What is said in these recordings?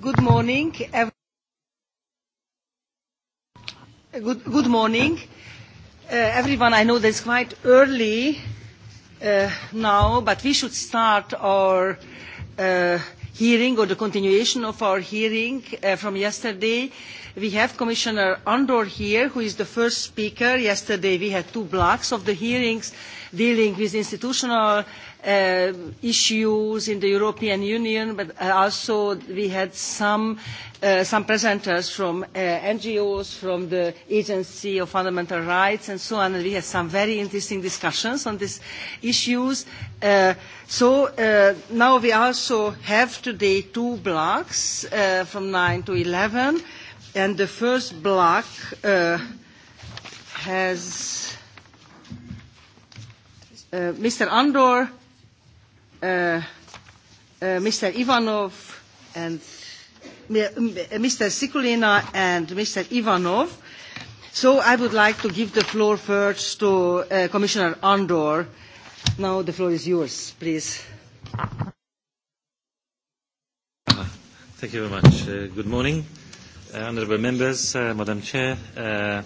Good morning. Good, morning. everyone, I know that it's quite early now, but we should start our hearing or the continuation of our hearing from yesterday. We have Commissioner Andor here, who is the first speaker. Yesterday we had two blocks of the hearings dealing with institutional issues in the European Union, but also we had some presenters from NGOs, from the Agency of Fundamental Rights, and so on. and We had some very interesting discussions on these issues. So now we also have today two blocks from nine to eleven, and the first block has Mr. Andor, uh, Mr. Ivanov and Mr. Sikulina and Mr. Ivanov. So I would like to give the floor first to uh, Commissioner Andor. Now the floor is yours, please. Thank you very much. Uh, good morning, uh, honourable members, uh, Madam Chair, uh,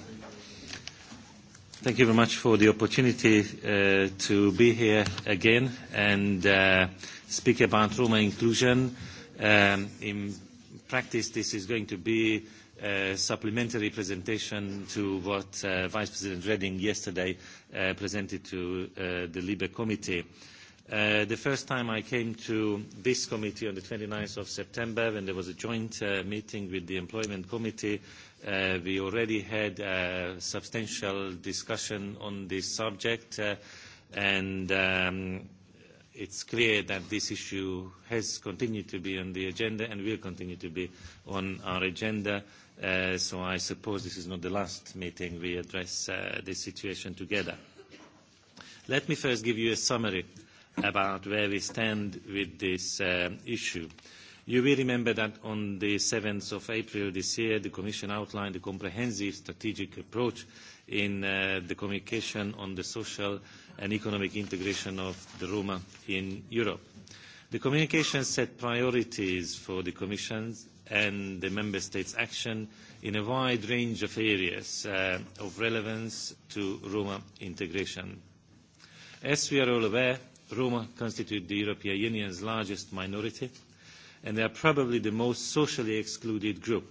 Thank you very much for the opportunity uh, to be here again and uh, speak about Roma inclusion. Um, in practice, this is going to be a supplementary presentation to what uh, Vice President Reding yesterday uh, presented to uh, the LIBE Committee. Uh, the first time I came to this committee on the 29th of September when there was a joint uh, meeting with the Employment Committee We already had a substantial discussion on this subject, and it's clear that this issue has continued to be on the agenda and will continue to be on our agenda. So I suppose this is not the last meeting we address this situation together. Let me first give you a summary about where we stand with this issue. You will remember that on the of April this year, the Commission outlined a comprehensive strategic approach in the communication on the social and economic integration of the Roma in Europe. The communication set priorities for the Commission and the Member States' action in a wide range of areas of relevance to Roma integration. As we are all aware, Roma constitute the European Union's largest minority, and they are probably the most socially excluded group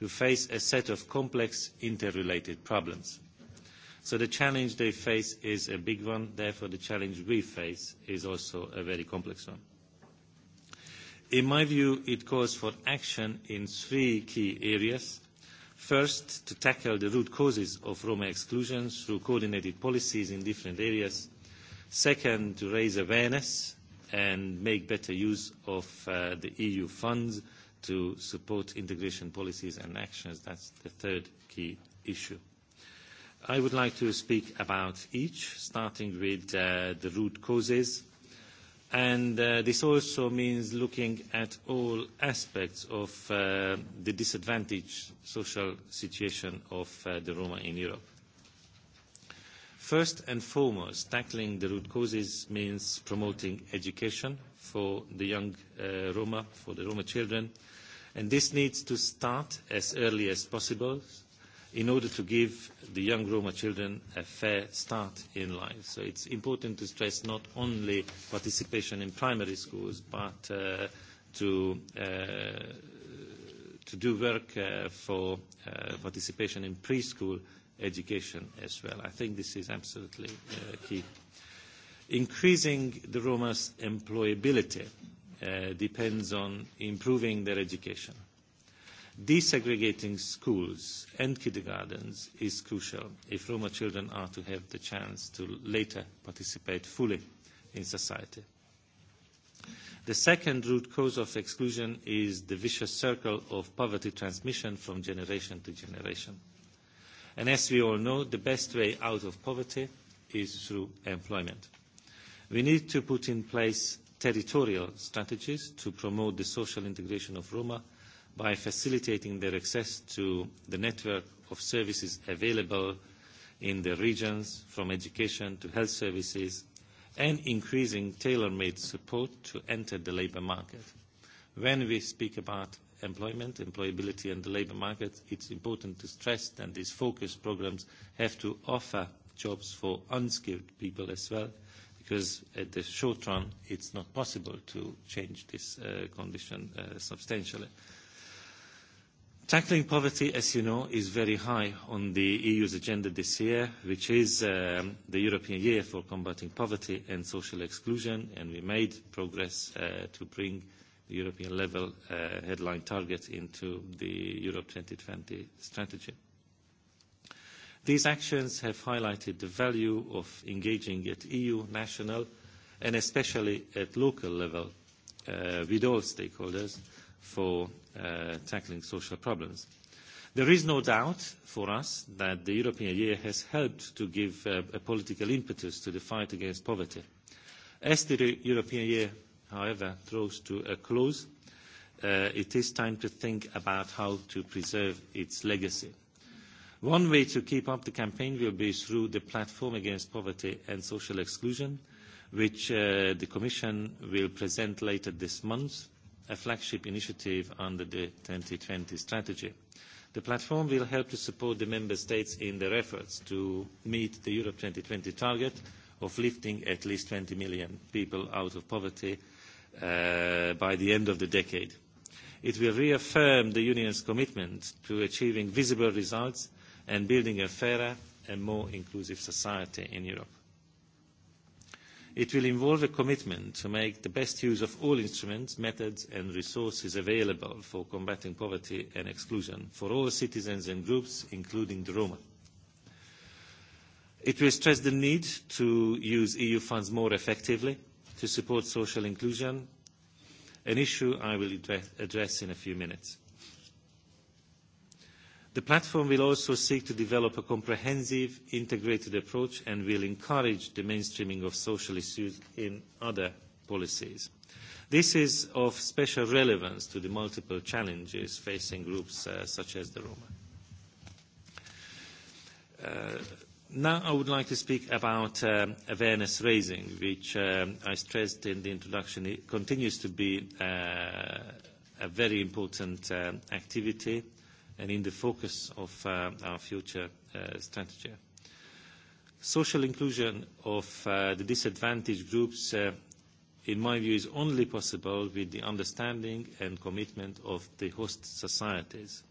who face a set of complex interrelated problems. So the challenge they face is a big one, therefore the challenge we face is also a very complex one. In my view, it calls for action in three key areas. First, to tackle the root causes of Roma exclusion through coordinated policies in different areas. Second, to raise awareness and make better use of the EU funds to support integration policies and actions. That's the third key issue. I would like to speak about each, starting with the root causes. and This also means looking at all aspects of the disadvantaged social situation of the Roma in Europe First and foremost, tackling the root causes means promoting education for the young Roma, for the Roma children. And this needs to start as early as possible in order to give the young Roma children a fair start in life. So it's important to stress not only participation in primary schools, but uh, to, uh, to do work uh, for uh, participation in preschool education as well. I think this is absolutely key. Increasing the Roma's employability depends on improving their education. Desegregating schools and kindergartens is crucial if Roma children are to have the chance to later participate fully in society. The second root cause of exclusion is the vicious circle of poverty transmission from generation to generation And as we all know, the best way out of poverty is through employment. We need to put in place territorial strategies to promote the social integration of Roma by facilitating their access to the network of services available in the regions, from education to health services, and increasing tailor-made support to enter the labour market. When we speak about employment, employability and the labour market, it's important to stress that these focus programmes have to offer jobs for unskilled people as well, because at the short run it's not possible to change this condition substantially. Tackling poverty, as you know, is very high on the EU's agenda this year, which is the European Year for Combating Poverty and Social Exclusion, and we made progress to bring European level headline targets into the Europe 2020 strategy. These actions have highlighted the value of engaging at EU, national, and especially at local level uh, with all stakeholders for uh, tackling social problems. There is no doubt for us that the European year has helped to give a political impetus to the fight against poverty. As the European year however, draws to a close, it is time to think about how to preserve its legacy. One way to keep up the campaign will be through the Platform Against Poverty and Social Exclusion, which the Commission will present later this month, a flagship initiative under the twenty strategy. The platform will help to support the member states in their efforts to meet the Europe twenty target of lifting at least twenty million people out of poverty by the end of the decade. It will reaffirm the Union's commitment to achieving visible results and building a fairer and more inclusive society in Europe. It will involve a commitment to make the best use of all instruments, methods and resources available for combating poverty and exclusion for all citizens and groups, including the Roma. It will stress the need to use EU funds more effectively to support social inclusion, an issue I will address in a few minutes. The platform will also seek to develop a comprehensive, integrated approach and will encourage the mainstreaming of social issues in other policies. This is of special relevance to the multiple challenges facing groups such as the Roma. Now I would like to speak about awareness raising, which I stressed in the introduction. It continues to be a very important activity and in the focus of our future strategy. Social inclusion of the disadvantaged groups, in my view, is only possible with the understanding and commitment of the host societies.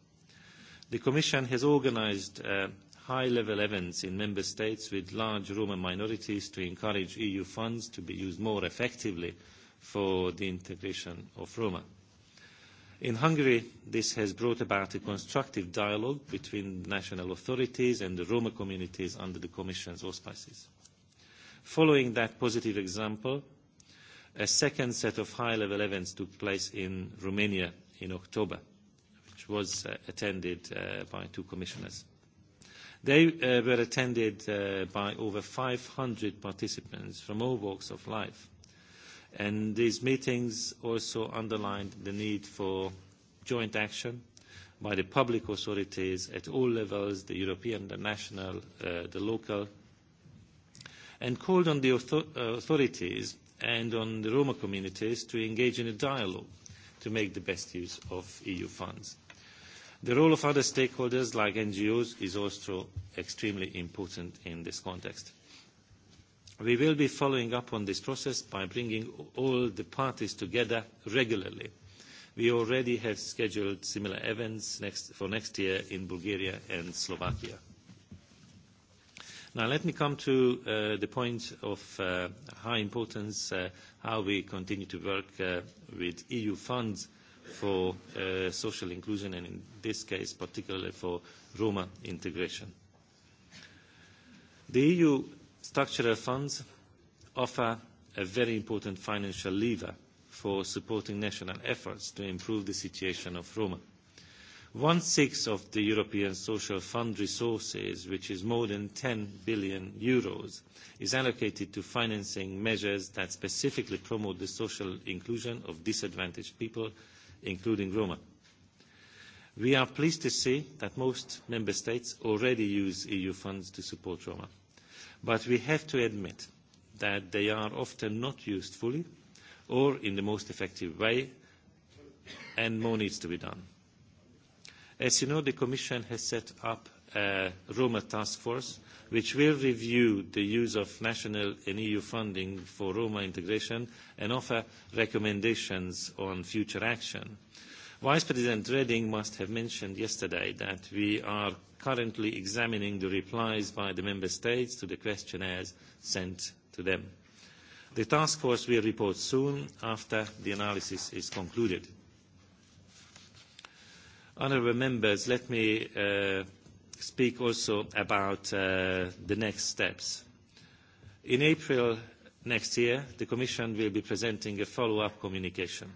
The Commission has organised high-level events in member states with large Roma minorities to encourage EU funds to be used more effectively for the integration of Roma. In Hungary, this has brought about a constructive dialogue between national authorities and the Roma communities under the Commission's auspices. Following that positive example, a second set of high-level events took place in Romania in October, which was attended by two commissioners. They uh, were attended uh, by over 500 participants from all walks of life. And these meetings also underlined the need for joint action by the public authorities at all levels, the European, the national, uh, the local, and called on the authorities and on the Roma communities to engage in a dialogue to make the best use of EU funds The role of other stakeholders like NGOs is also extremely important in this context. We will be following up on this process by bringing all the parties together regularly. We already have scheduled similar events for next year in Bulgaria and Slovakia. Now let me come to the point of high importance, how we continue to work with EU funds for uh, social inclusion and in this case particularly for Roma integration. The EU structural funds offer a very important financial lever for supporting national efforts to improve the situation of Roma. One-sixth of the European Social Fund resources, which is more than EUR ten billion is allocated to financing measures that specifically promote the social inclusion of disadvantaged people including Roma. We are pleased to see that most member states already use EU funds to support Roma, but we have to admit that they are often not used fully or in the most effective way, and more needs to be done. As you know, the Commission has set up Roma Task Force, which will review the use of national and EU funding for Roma integration and offer recommendations on future action. Vice President Reding must have mentioned yesterday that we are currently examining the replies by the Member States to the questionnaires sent to them. The task force will report soon after the analysis is concluded. Honourable members, let me speak also about the next steps. In April next year, the Commission will be presenting a follow-up communication.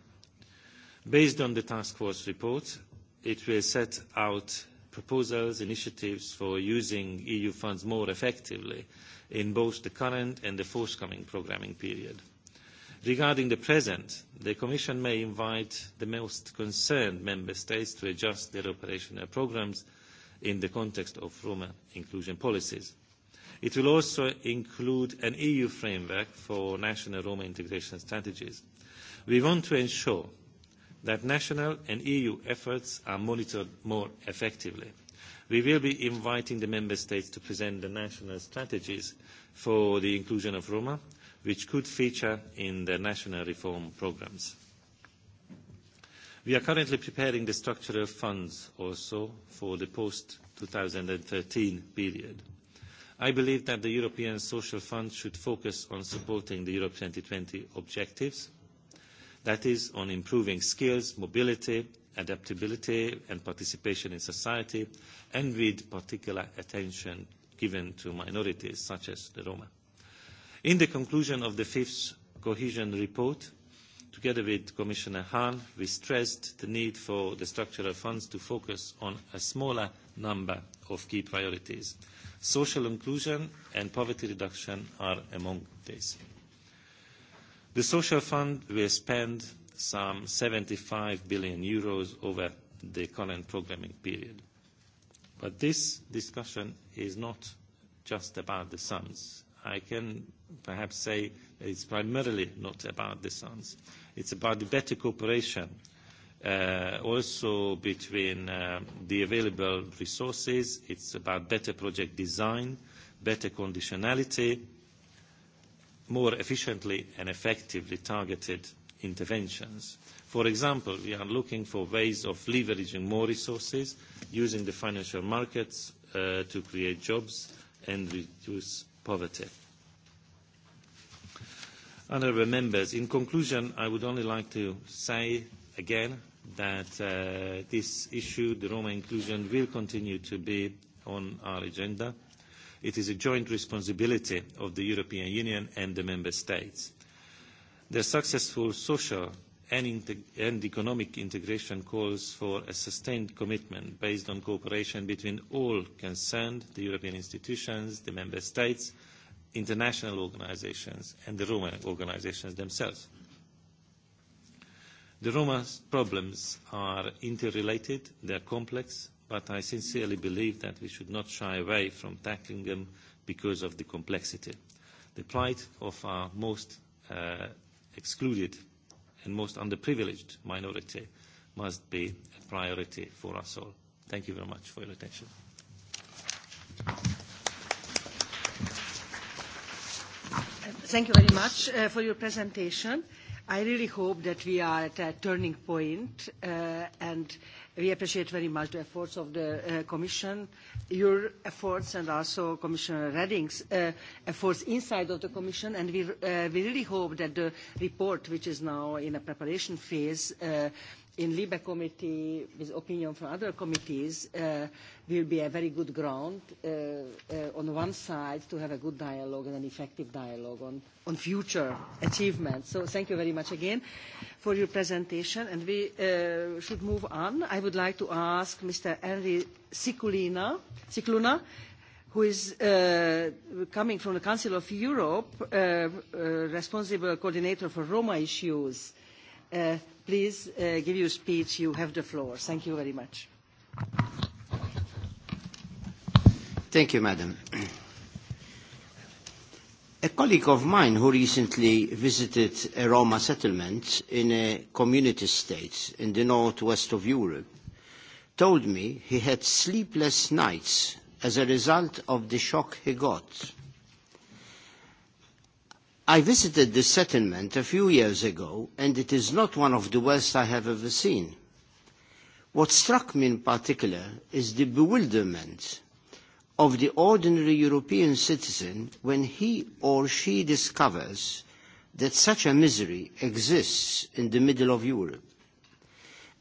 Based on the task force report, it will set out proposals, initiatives for using EU funds more effectively in both the current and the forthcoming programming period. Regarding the present, the Commission may invite the most concerned member states to adjust their operational programmes in the context of Roma inclusion policies. It will also include an EU framework for national Roma integration strategies. We want to ensure that national and EU efforts are monitored more effectively. We will be inviting the Member States to present the national strategies for the inclusion of Roma, which could feature in the national reform programmes. We are currently preparing the structural funds also for the post-2013 period. I believe that the European Social Fund should focus on supporting the Europe twenty objectives, that is, on improving skills, mobility, adaptability, and participation in society, and with particular attention given to minorities such as the Roma. In the conclusion of the fifth cohesion report, Together with Commissioner Hahn, we stressed the need for the structural funds to focus on a smaller number of key priorities. Social inclusion and poverty reduction are among these. The Social Fund will spend some EUR seventy five billion over the current programming period. But this discussion is not just about the sums. I can perhaps say that it's primarily not about the sons. It's about the better cooperation also between the available resources. It's about better project design, better conditionality, more efficiently and effectively targeted interventions. For example, we are looking for ways of leveraging more resources, using the financial markets to create jobs and reduce poverty. Honourable members, in conclusion, I would only like to say again that this issue, the Roma inclusion, will continue to be on our agenda. It is a joint responsibility of the European Union and the Member States. The successful social and economic integration calls for a sustained commitment based on cooperation between all concerned, the European institutions, the member states, international organisations and the Roma organisations themselves. The Roma problems are interrelated, they are complex, but I sincerely believe that we should not shy away from tackling them because of the complexity. The plight of our most excluded and most underprivileged minority must be a priority for us all. Thank you very much for your attention. Thank you very much uh, for your presentation. I really hope that we are at a turning point uh, and We appreciate very much the efforts of the Commission, your efforts, and also Commissioner Reding's efforts inside of the Commission. And we really hope that the report, which is now in a preparation phase, in LIBE committee, with opinion from other committees, will be a very good ground on one side to have a good dialogue and an effective dialogue on, on future achievements. So thank you very much again for your presentation and we should move on. I would like to ask Mr. Henry Sikulina, who is coming from the Council of Europe, responsible coordinator for Roma issues, Please give your speech. You have the floor. Thank you very much. Thank you, Madam. A colleague of mine who recently visited a Roma settlement in a community state in the northwest of Europe told me he had sleepless nights as a result of the shock he got I visited this settlement a few years ago, and it is not one of the worst I have ever seen. What struck me in particular is the bewilderment of the ordinary European citizen when he or she discovers that such a misery exists in the middle of Europe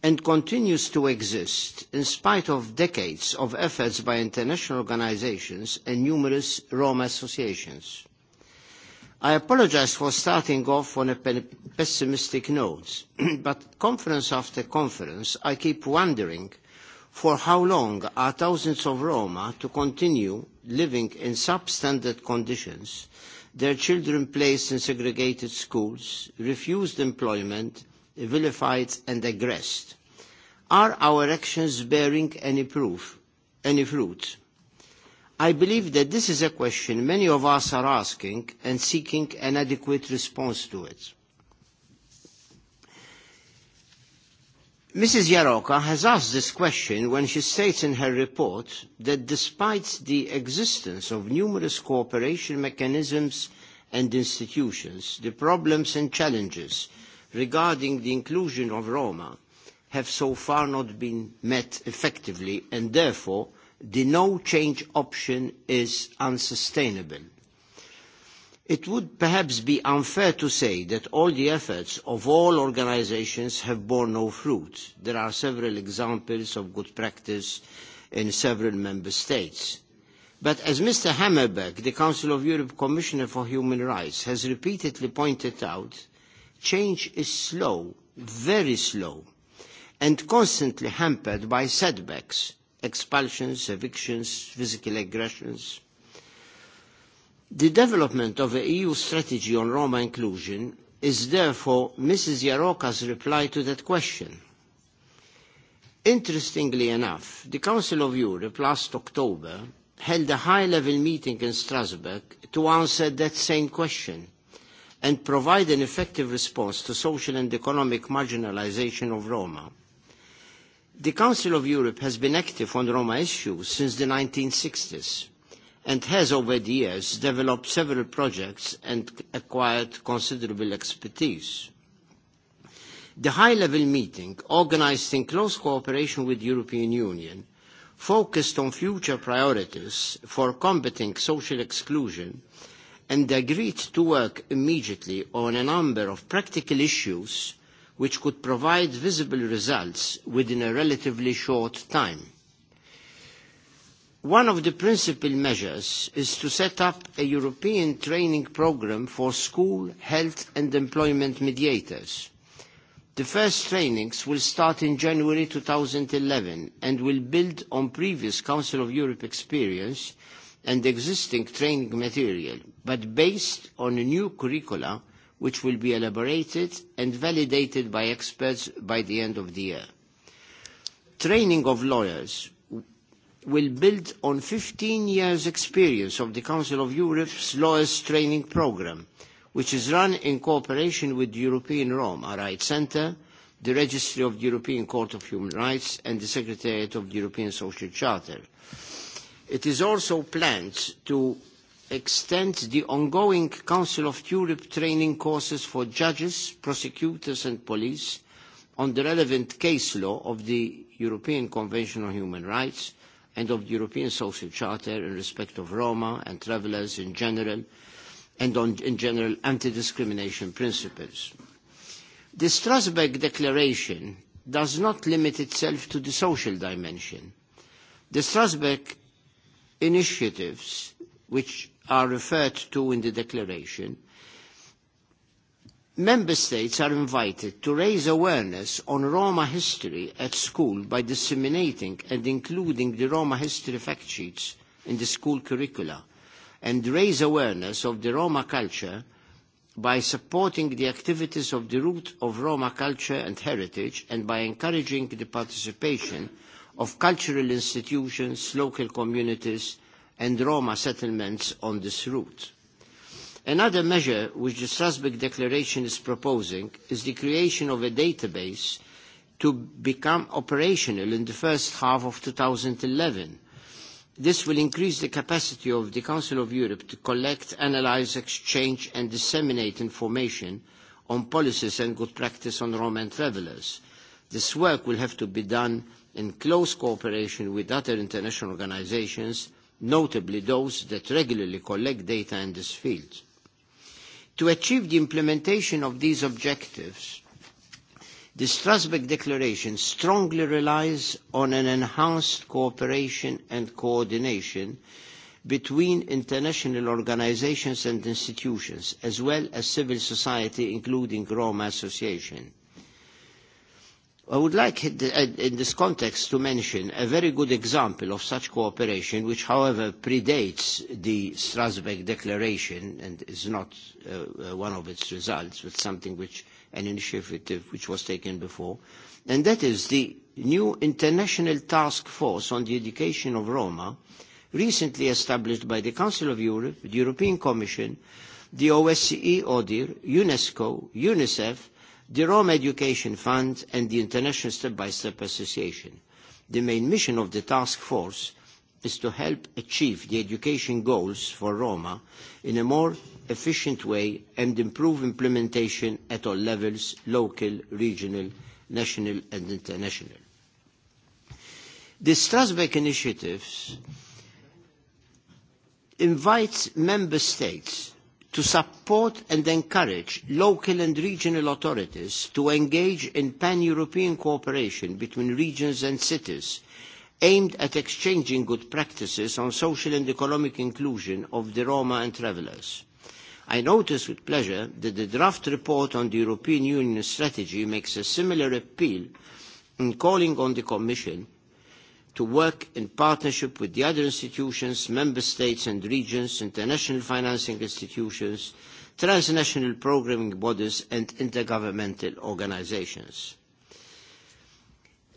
and continues to exist in spite of decades of efforts by international organisations and numerous Roma associations. I apologise for starting off on a pessimistic note, but conference after conference, I keep wondering for how long are thousands of Roma to continue living in substandard conditions, their children placed in segregated schools, refused employment, vilified and aggressed. Are our actions bearing any proof, any fruit? I believe that this is a question many of us are asking and seeking an adequate response to it. Mrs. Yaroka has asked this question when she states in her report that despite the existence of numerous cooperation mechanisms and institutions, the problems and challenges regarding the inclusion of Roma have so far not been met effectively and therefore the no-change option is unsustainable. It would perhaps be unfair to say that all the efforts of all organisations have borne no fruit. There are several examples of good practice in several member states. But as Mr Hammerbeck, the Council of Europe Commissioner for Human Rights, has repeatedly pointed out, change is slow, very slow, and constantly hampered by setbacks – expulsions, evictions, physical aggressions. The development of an EU strategy on Roma inclusion is therefore Mrs. Yaroka's reply to that question. Interestingly enough, the Council of Europe last October held a high-level meeting in Strasbourg to answer that same question and provide an effective response to social and economic marginalisation of Roma – The Council of Europe has been active on Roma issues since the 1960s and has over the years developed several projects and acquired considerable expertise. The high-level meeting, organised in close cooperation with the European Union, focused on future priorities for combating social exclusion and agreed to work immediately on a number of practical issues – which could provide visible results within a relatively short time. One of the principal measures is to set up a European training programme for school, health and employment mediators. The first trainings will start in January eleven and will build on previous Council of Europe experience and existing training material, but based on a new curricula which will be elaborated and validated by experts by the end of the year. Training of lawyers will build on 15 years' experience of the Council of Europe's Lawyers Training Programme, which is run in cooperation with the European Rome, our Rights Centre, the Registry of the European Court of Human Rights, and the Secretariat of the European Social Charter. It is also planned to extend the ongoing Council of Europe training courses for judges, prosecutors and police on the relevant case law of the European Convention on Human Rights and of the European Social Charter in respect of Roma and travellers in general and on, in general anti-discrimination principles. The Strasbourg Declaration does not limit itself to the social dimension. The Strasbourg initiatives, which are referred to in the declaration, Member States are invited to raise awareness on Roma history at school by disseminating and including the Roma history fact sheets in the school curricula and raise awareness of the Roma culture by supporting the activities of the root of Roma culture and heritage and by encouraging the participation of cultural institutions, local communities, and Roma settlements on this route. Another measure which the Strasbourg Declaration is proposing is the creation of a database to become operational in the first half of eleven. This will increase the capacity of the Council of Europe to collect, analyse, exchange and disseminate information on policies and good practice on Roma and travellers. This work will have to be done in close cooperation with other international organisations notably those that regularly collect data in this field. To achieve the implementation of these objectives, the Strasbourg Declaration strongly relies on an enhanced cooperation and coordination between international organisations and institutions, as well as civil society, including Roma Association. I would like in this context to mention a very good example of such cooperation, which, however, predates the Strasbourg Declaration and is not uh, one of its results, but something which an initiative which was taken before, and that is the new International Task Force on the Education of Roma, recently established by the Council of Europe, the European Commission, the OSCE, ODIR, UNESCO, UNICEF, the Rome Education Fund and the International Step-by-Step Association. The main mission of the task force is to help achieve the education goals for Roma in a more efficient way and improve implementation at all levels, local, regional, national and international. The Strasbourg initiatives invites member states to support and encourage local and regional authorities to engage in pan-European cooperation between regions and cities aimed at exchanging good practices on social and economic inclusion of the Roma and travellers. I notice with pleasure that the draft report on the European Union strategy makes a similar appeal in calling on the Commission to work in partnership with the other institutions, member states and regions, international financing institutions, transnational programming bodies and intergovernmental organizations.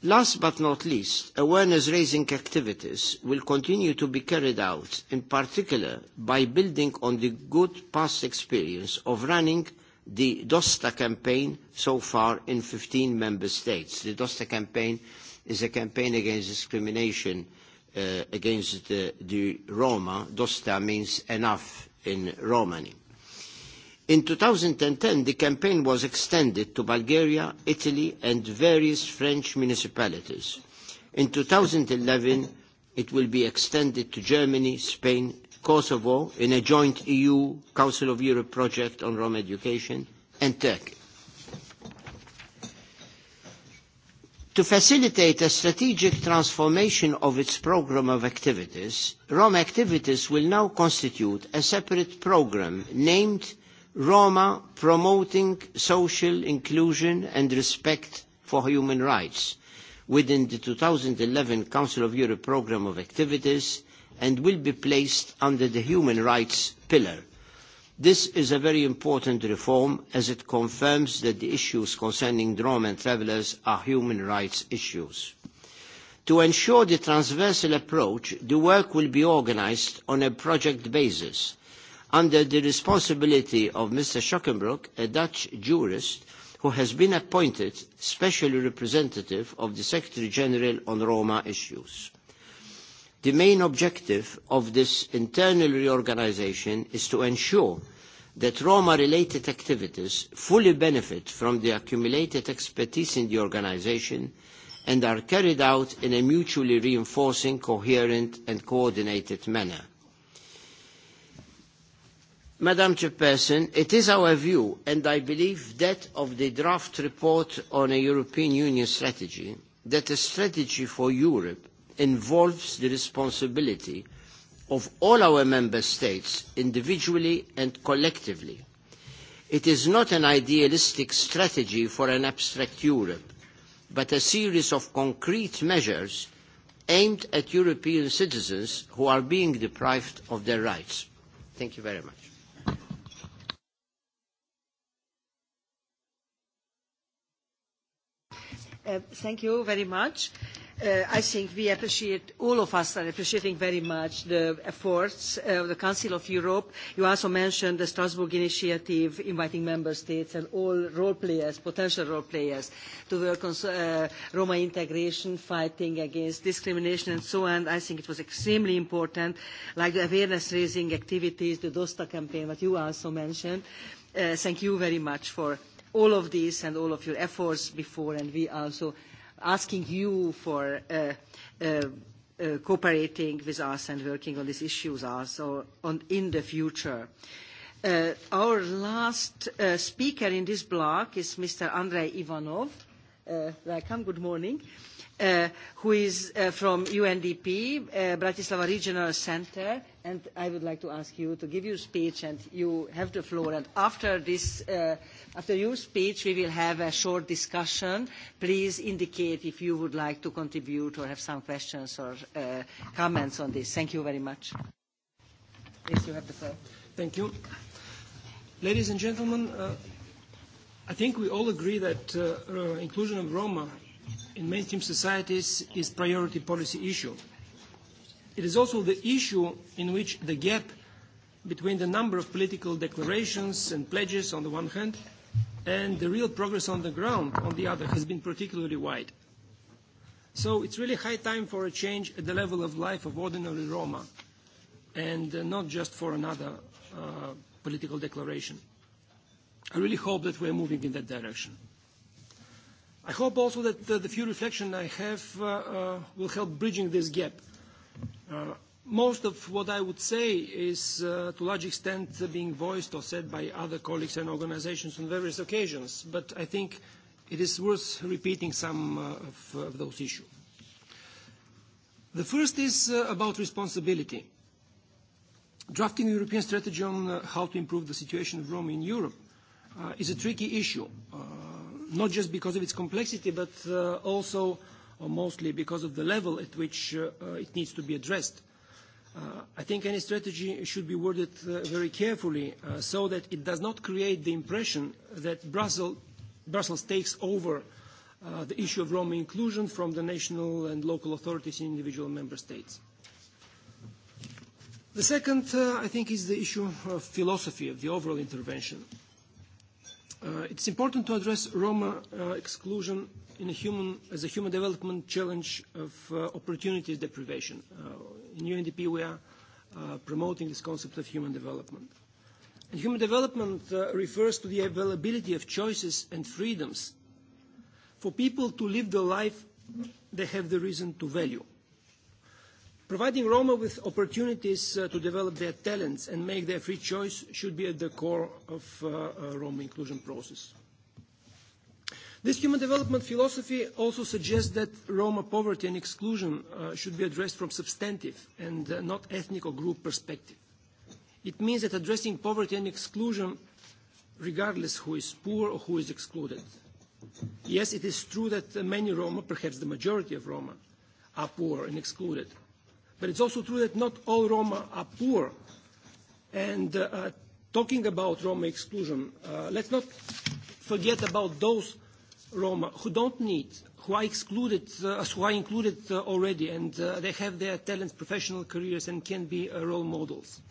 Last but not least, awareness-raising activities will continue to be carried out, in particular by building on the good past experience of running the DOSTA campaign so far in 15 member states. The DOSTA campaign is a campaign against discrimination uh, against the, the Roma. Dosta means enough in Romani. In 2010, the campaign was extended to Bulgaria, Italy, and various French municipalities. In 2011, it will be extended to Germany, Spain, Kosovo, in a joint EU Council of Europe project on Roma education, and Turkey. To facilitate a strategic transformation of its programme of activities, Roma activities will now constitute a separate programme named Roma Promoting Social Inclusion and Respect for Human Rights within the 2011 Council of Europe Programme of Activities and will be placed under the Human Rights pillar This is a very important reform as it confirms that the issues concerning Roma and travellers are human rights issues. To ensure the transversal approach, the work will be organised on a project basis under the responsibility of Mr. Schockenbrook, a Dutch jurist who has been appointed Special Representative of the Secretary-General on Roma issues. The main objective of this internal reorganisation is to ensure that Roma-related activities fully benefit from the accumulated expertise in the organisation and are carried out in a mutually reinforcing, coherent and coordinated manner. Madam Chairperson, it is our view, and I believe that of the draft report on a European Union strategy, that a strategy for Europe involves the responsibility of all our member states individually and collectively. It is not an idealistic strategy for an abstract Europe, but a series of concrete measures aimed at European citizens who are being deprived of their rights. Thank you very much. thank you very much. I think we appreciate, all of us are appreciating very much the efforts of the Council of Europe. You also mentioned the Strasbourg Initiative, inviting member states and all role players, potential role players, to work on Roma integration, fighting against discrimination and so on. I think it was extremely important, like the awareness-raising activities, the DOSTA campaign, that you also mentioned. thank you very much for all of this and all of your efforts before, and we also asking you for cooperating with us and working on these issues also in the future. our last speaker in this block is Mr. Andrei Ivanov. welcome, good morning. who is from UNDP, Bratislava Regional Centre, and I would like to ask you to give your speech, and you have the floor. And after this After your speech, we will have a short discussion. Please indicate if you would like to contribute or have some questions or comments on this. Thank you very much. Please, you have the floor. Thank you. Ladies and gentlemen, I think we all agree that inclusion of Roma in mainstream societies is a priority policy issue. It is also the issue in which the gap between the number of political declarations and pledges on the one hand and the real progress on the ground, on the other, has been particularly wide. So it's really high time for a change at the level of life of ordinary Roma, and not just for another uh, political declaration. I really hope that we are moving in that direction. I hope also that uh, the few reflections I have uh, uh, will help bridging this gap. Uh, Most of what I would say is, to a large extent, being voiced or said by other colleagues and organizations on various occasions, but I think it is worth repeating some of those issues. The first is about responsibility. Drafting a European strategy on how to improve the situation of Roma in Europe is a tricky issue, not just because of its complexity, but also or mostly because of the level at which it needs to be addressed I think any strategy should be worded very carefully so that it does not create the impression that Brussels takes over the issue of Roma inclusion from the national and local authorities in individual member states. The second, I think, is the issue of philosophy of the overall intervention. Uh, it's important to address Roma uh, exclusion in a human, as a human development challenge of uh, opportunities deprivation. Uh, in UNDP, we are uh, promoting this concept of human development. And human development uh, refers to the availability of choices and freedoms for people to live the life they have the reason to value. Providing Roma with opportunities to develop their talents and make their free choice should be at the core of the Roma inclusion process. This human development philosophy also suggests that Roma poverty and exclusion should be addressed from substantive and not ethnic or group perspective. It means that addressing poverty and exclusion regardless who is poor or who is excluded. Yes, it is true that many Roma, perhaps the majority of Roma, are poor and excluded, But it's also true that not all Roma are poor. And uh, talking about Roma exclusion, uh, let's not forget about those Roma who don't need, who are excluded, uh, who are included uh, already, and uh, they have their talents, professional careers, and can be uh, role models.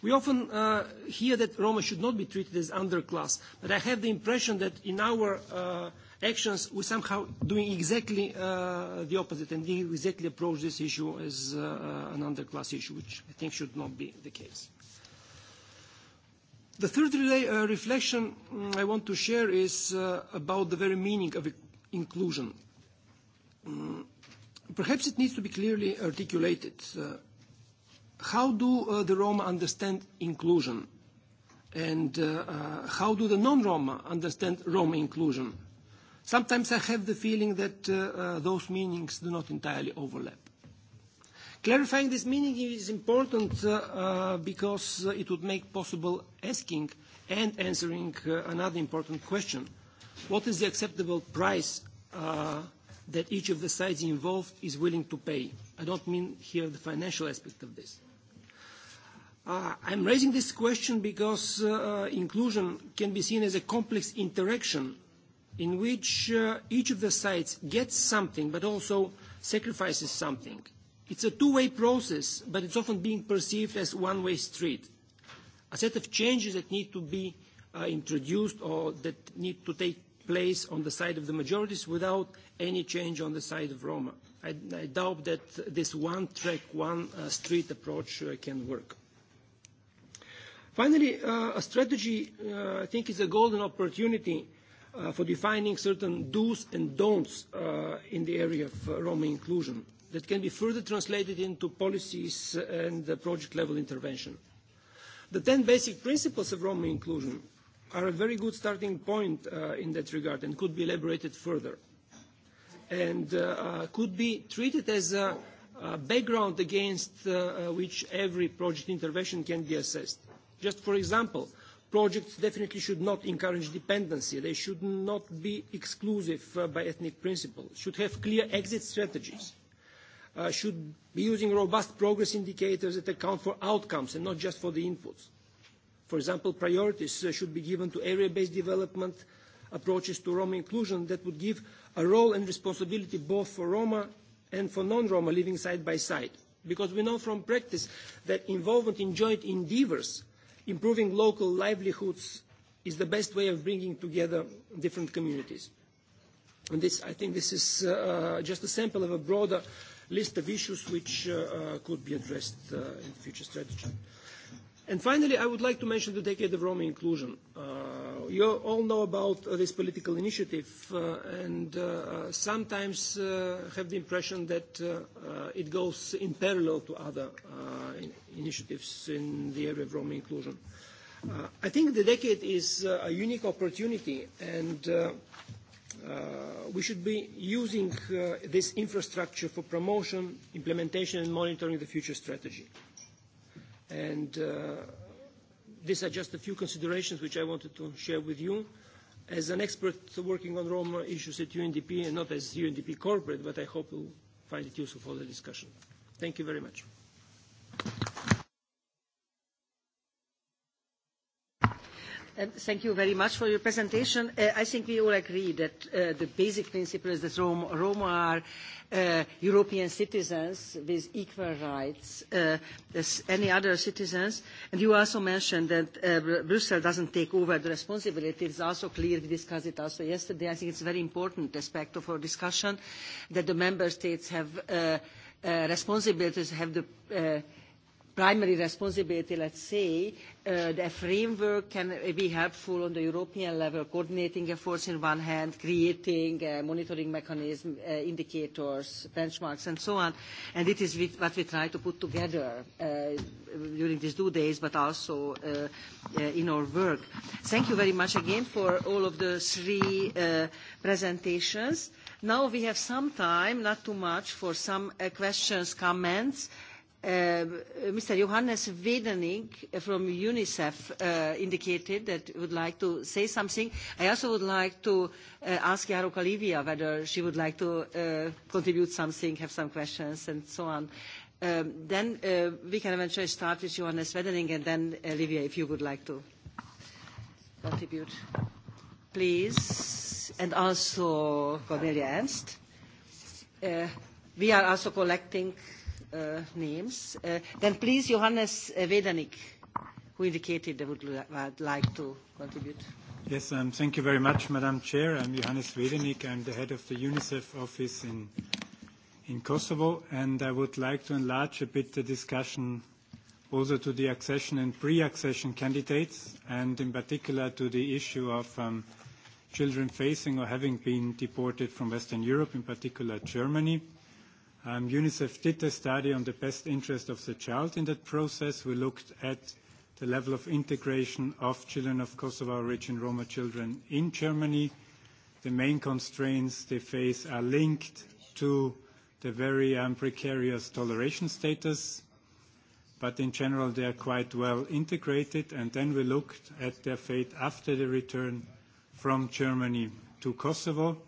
We often uh, hear that Roma should not be treated as underclass, but I have the impression that in our uh, actions, we're somehow doing exactly uh, the opposite and we exactly approach this issue as uh, an underclass issue, which I think should not be the case. The third relay, uh, reflection I want to share is uh, about the very meaning of inclusion. Um, perhaps it needs to be clearly articulated. Uh, how do uh, the Roma understand inclusion? And uh, uh, how do the non-Roma understand Roma inclusion? Sometimes I have the feeling that uh, those meanings do not entirely overlap. Clarifying this meaning is important uh, uh, because it would make possible asking and answering uh, another important question. What is the acceptable price uh, that each of the sides involved is willing to pay? I don't mean here the financial aspect of this. Uh, I'm raising this question because uh, inclusion can be seen as a complex interaction in which each of the sides gets something but also sacrifices something. It's a two-way process, but it's often being perceived as one-way street. A set of changes that need to be introduced or that need to take place on the side of the majorities without any change on the side of Roma. I, I doubt that this one-track, one-street approach can work. Finally, a strategy, I think, is a golden opportunity for defining certain do's and don'ts in the area of Roma inclusion that can be further translated into policies and project-level intervention. The ten basic principles of Roma inclusion are a very good starting point in that regard and could be elaborated further and could be treated as a background against which every project intervention can be assessed. Just for example, Projects definitely should not encourage dependency. They should not be exclusive by ethnic principle, should have clear exit strategies, should be using robust progress indicators that account for outcomes and not just for the inputs. For example, priorities should be given to area-based development approaches to Roma inclusion that would give a role and responsibility both for Roma and for non-Roma living side by side. Because we know from practice that involvement in joint endeavours Improving local livelihoods is the best way of bringing together different communities. And this, I think this is uh, just a sample of a broader list of issues which uh, could be addressed uh, in future strategy. And finally, I would like to mention the Decade of Roma Inclusion. Uh, you all know about uh, this political initiative uh, and uh, sometimes uh, have the impression that uh, uh, it goes in parallel to other uh, in initiatives in the area of Roma inclusion. Uh, I think the decade is uh, a unique opportunity and uh, uh, we should be using uh, this infrastructure for promotion, implementation and monitoring the future strategy. And uh, these are just a few considerations which I wanted to share with you. As an expert working on Roma issues at UNDP, and not as UNDP corporate, but I hope you'll find it useful for the discussion. Thank you very much. Thank you very much for your presentation. I think we all agree that the basic principle is that Roma are European citizens with equal rights as any other citizens. And you also mentioned that Brussels doesn't take over the responsibility. It's also clear, we discussed it also yesterday. I think it's a very important aspect of our discussion that the member states have responsibilities, have the primary responsibility, let's say, the framework can be helpful on the European level, coordinating efforts on one hand, creating a monitoring mechanism, indicators, benchmarks, and so on. And it is what we try to put together during these two days, but also in our work. Thank you very much again for all of the three presentations. Now we have some time, not too much, for some questions, comments, Mr. Johannes Wedening from UNICEF indicated that he would like to say something. I also would like to ask Yaro Olivia whether she would like to contribute something, have some questions, and so on. Then we can eventually start with Johannes Wedening, and then Olivia, if you would like to contribute. Please. And also Cornelia Ernst. We are also collecting uh names. then please, Johannes Vedanik, who indicated they would like to contribute. Yes, um, thank you very much, Madam Chair. I'm Johannes Vedenik. I'm the head of the UNICEF office in, in Kosovo, and I would like to enlarge a bit the discussion also to the accession and pre-accession candidates, and in particular to the issue of um, children facing or having been deported from Western Europe, in particular Germany. UNICEF did a study on the best interest of the child. In that process, we looked at the level of integration of children of Kosovo origin Roma children in Germany. The main constraints they face are linked to the very um, precarious toleration status, but in general they are quite well integrated. And then we looked at their fate after the return from Germany to Kosovo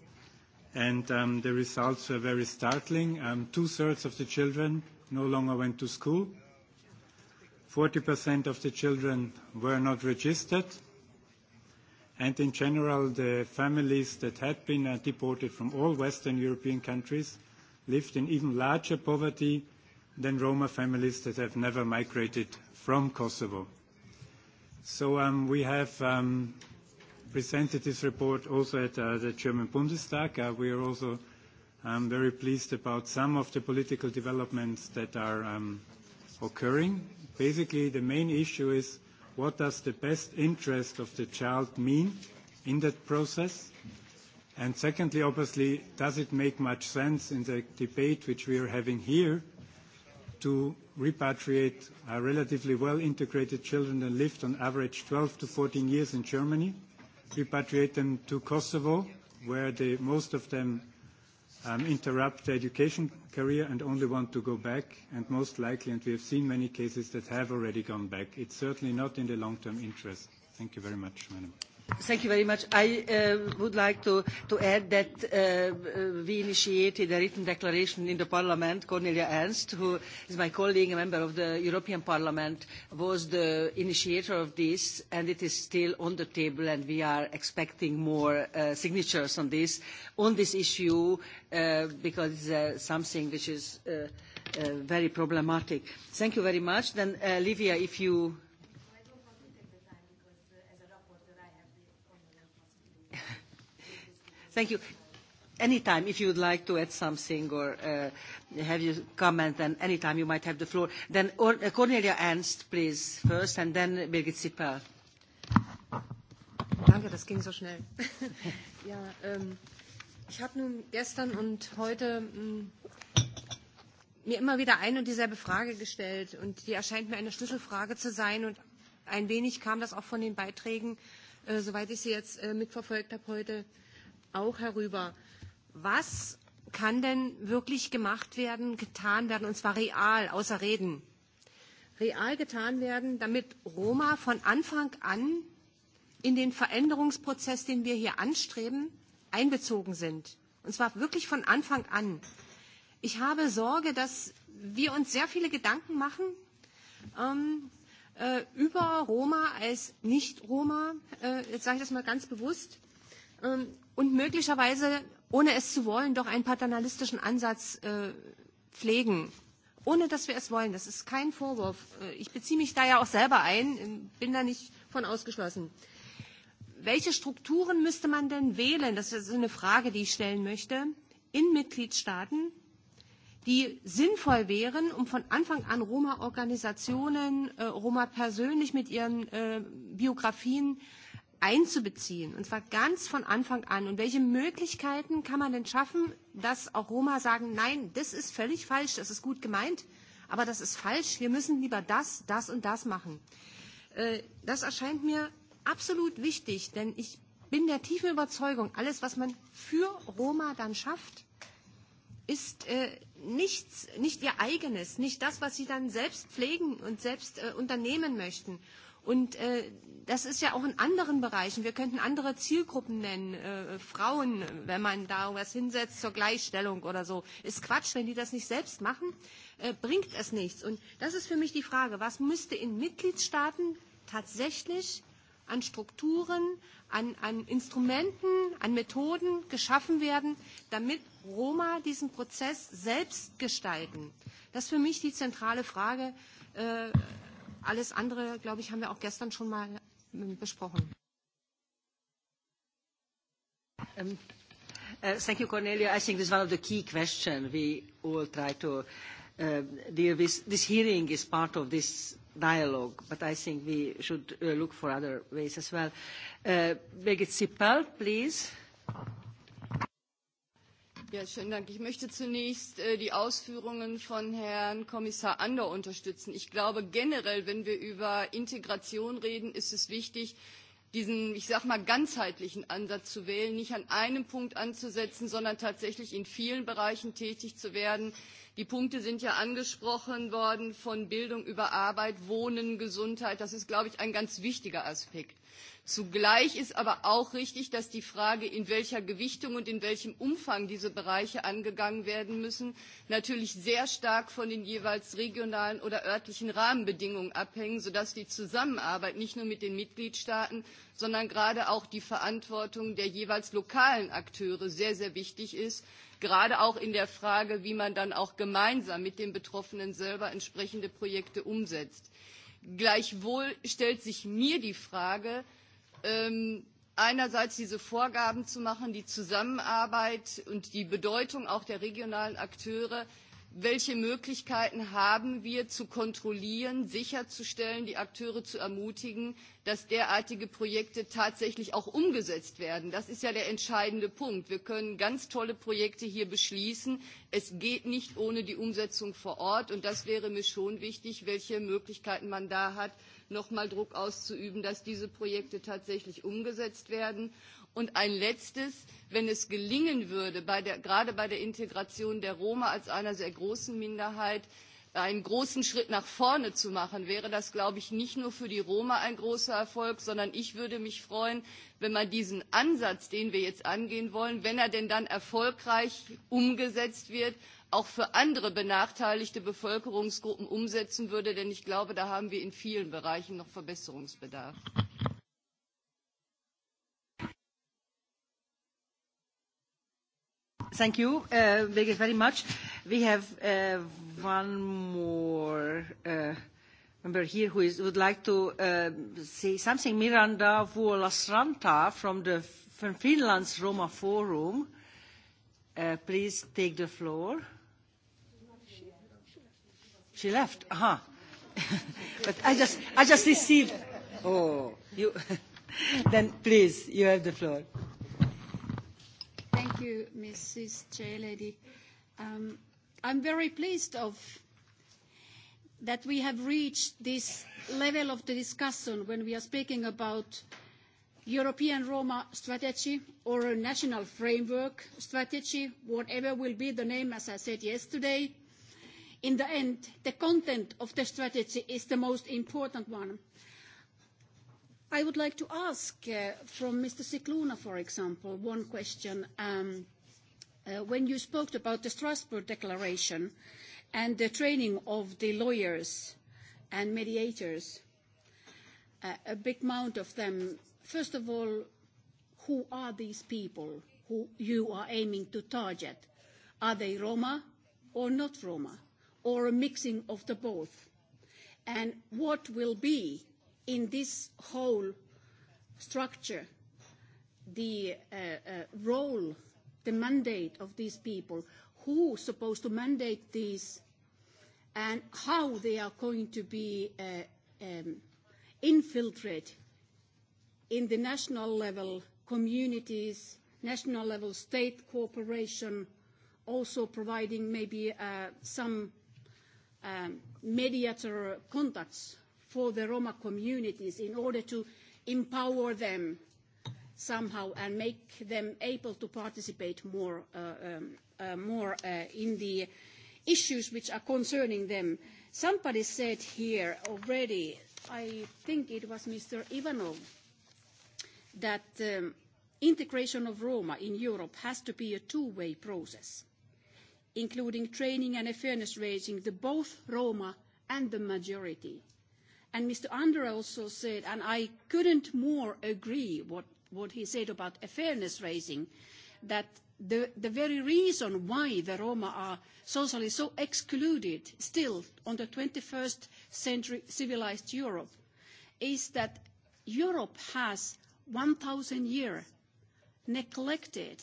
and the results were very startling. Two-thirds of the children no longer went to school. 40% of the children were not registered. and In general, the families that had been deported from all Western European countries lived in even larger poverty than Roma families that have never migrated from Kosovo. So We have presented this report also at uh, the German Bundestag. Uh, we are also um, very pleased about some of the political developments that are um, occurring. Basically, the main issue is what does the best interest of the child mean in that process? And secondly, obviously, does it make much sense in the debate which we are having here to repatriate relatively well-integrated children that lived on average 12 to 14 years in Germany? repatriate them to Kosovo, where they, most of them um, interrupt their education career and only want to go back, and most likely, and we have seen many cases that have already gone back. It's certainly not in the long-term interest. Thank you very much, Madam. Thank you very much. I would like to add that we initiated a written declaration in the parliament. Cornelia Ernst, who is my colleague, a member of the European Parliament, was the initiator of this, and it is still on the table, and we are expecting more signatures on this, issue, because it's something which is very problematic. Thank you very much. Then, Livia, if you Thank you. Anytime, if you would like to add something or have your comment, then anytime you might have the floor. Then Cornelia Ernst, please, first, and then Birgit Zippel. Danke, das ging so schnell. Ja, ich habe nun gestern und heute mir immer wieder eine und dieselbe Frage gestellt und die erscheint mir eine Schlüsselfrage zu sein und ein wenig kam das auch von den Beiträgen, soweit ich sie jetzt mitverfolgt habe heute, äh, auch herüber, was kann denn wirklich gemacht werden, getan werden, und zwar real, außer Reden? Real getan werden, damit Roma von Anfang an in den Veränderungsprozess, den wir hier anstreben, einbezogen sind. Und zwar wirklich von Anfang an. Ich habe Sorge, dass wir uns sehr viele Gedanken machen ähm, äh, über Roma als Nicht-Roma, äh, jetzt sage ich das mal ganz bewusst, und möglicherweise, ohne es zu wollen, doch einen paternalistischen Ansatz pflegen. Ohne dass wir es wollen. Das ist kein Vorwurf. Ich beziehe mich da ja auch selber ein, bin da nicht von ausgeschlossen. Welche Strukturen müsste man denn wählen? Das ist eine Frage, die ich stellen möchte. In Mitgliedstaaten, die sinnvoll wären, um von Anfang an Roma-Organisationen, Roma persönlich mit ihren Biografien einzubeziehen, und zwar ganz von Anfang an. Und welche Möglichkeiten kann man denn schaffen, dass auch Roma sagen, nein, das ist völlig falsch, das ist gut gemeint, aber das ist falsch, wir müssen lieber das, das und das machen. Das erscheint mir absolut wichtig, denn ich bin der tiefen Überzeugung, alles, was man für Roma dann schafft, ist nichts, nicht ihr eigenes, nicht das, was sie dann selbst pflegen und selbst unternehmen möchten. Und äh, das ist ja auch in anderen Bereichen. Wir könnten andere Zielgruppen nennen. Äh, Frauen, wenn man da was hinsetzt zur Gleichstellung oder so. Ist Quatsch, wenn die das nicht selbst machen, äh, bringt es nichts. Und das ist für mich die Frage, was müsste in Mitgliedstaaten tatsächlich an Strukturen, an, an Instrumenten, an Methoden geschaffen werden, damit Roma diesen Prozess selbst gestalten. Das ist für mich die zentrale Frage. Äh, Alles andere, glaube ich, haben wir auch gestern schon mal besprochen. Thank you, Cornelia. I think this is one of the key questions we all try to uh, deal with. This hearing is part of this dialogue, but I think we should uh, look for other ways as well. Uh, Birgit Sippel, please. Ja, schönen Dank. Ich möchte zunächst die Ausführungen von Herrn Kommissar Andor unterstützen. Ich glaube generell, wenn wir über Integration reden, ist es wichtig, diesen, ich sag mal, ganzheitlichen Ansatz zu wählen, nicht an einem Punkt anzusetzen, sondern tatsächlich in vielen Bereichen tätig zu werden. Die Punkte sind ja angesprochen worden von Bildung über Arbeit, Wohnen, Gesundheit. Das ist, glaube ich, ein ganz wichtiger Aspekt. Zugleich ist aber auch richtig, dass die Frage, in welcher Gewichtung und in welchem Umfang diese Bereiche angegangen werden müssen, natürlich sehr stark von den jeweils regionalen oder örtlichen Rahmenbedingungen abhängen, sodass die Zusammenarbeit nicht nur mit den Mitgliedstaaten, sondern gerade auch die Verantwortung der jeweils lokalen Akteure sehr, sehr wichtig ist gerade auch in der Frage, wie man dann auch gemeinsam mit den Betroffenen selber entsprechende Projekte umsetzt. Gleichwohl stellt sich mir die Frage, einerseits diese Vorgaben zu machen, die Zusammenarbeit und die Bedeutung auch der regionalen Akteure welche Möglichkeiten haben wir zu kontrollieren, sicherzustellen, die Akteure zu ermutigen, dass derartige Projekte tatsächlich auch umgesetzt werden. Das ist ja der entscheidende Punkt. Wir können ganz tolle Projekte hier beschließen. Es geht nicht ohne die Umsetzung vor Ort. Und das wäre mir schon wichtig, welche Möglichkeiten man da hat, nochmal Druck auszuüben, dass diese Projekte tatsächlich umgesetzt werden. Und ein letztes, wenn es gelingen würde, gerade bei der Integration der Roma als einer sehr großen Minderheit, einen großen Schritt nach vorne zu machen, wäre das, glaube ich, nicht nur für die Roma ein großer Erfolg, sondern ich würde mich freuen, wenn man diesen Ansatz, den wir jetzt angehen wollen, wenn er denn dann erfolgreich umgesetzt wird, auch für andere benachteiligte Bevölkerungsgruppen umsetzen würde. Denn ich glaube, da haben wir in vielen Bereichen noch Verbesserungsbedarf. Thank you, uh, very much. We have uh, one more uh, member here who is, would like to uh, say something. Miranda Vuolasranta from the from Finland's Roma Forum. Uh, please take the floor. She left. Uh-huh. but I just I just received. Oh, you. then please, you have the floor you, Mrs. Lady. Um, I'm very pleased of that we have reached this level of the discussion when we are speaking about European Roma strategy or a national framework strategy, whatever will be the name, as I said yesterday. In the end, the content of the strategy is the most important one. I would like to ask from Mr. Scicluna, for example, one question. When you spoke about the Strasbourg Declaration and the training of the lawyers and mediators, a big amount of them, first of all, who are these people who you are aiming to target? Are they Roma or not Roma, or a mixing of the both? And what will be in this whole structure the role, the mandate of these people, who is supposed to mandate these, and how they are going to be infiltrated in the national level communities, national level state cooperation, also providing maybe some mediator contacts for the Roma communities in order to empower them somehow and make them able to participate more, in the issues which are concerning them. Somebody said here already, I think it was Mr. Ivanov, that integration of Roma in Europe has to be a two-way process, including training and awareness raising the both Roma and the majority And Mr. Andor also said, and I couldn't more agree what, what he said about fairness raising, that the, the very reason why the Roma are socially so excluded still on the 21st century civilized Europe is that Europe has 1,000 years neglected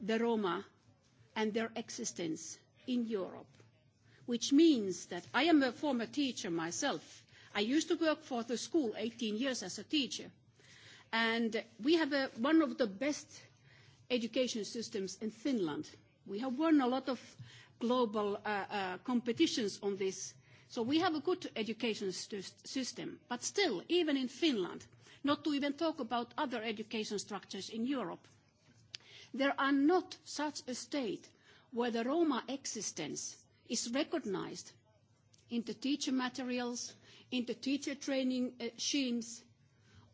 the Roma and their existence in Europe which means that I am a former teacher myself. I used to work for the school 18 years as a teacher. And we have a, one of the best education systems in Finland. We have won a lot of global uh, uh, competitions on this. So we have a good education system. But still, even in Finland, not to even talk about other education structures in Europe, there are not such a state where the Roma existence is recognised in the teacher materials, in the teacher training schemes,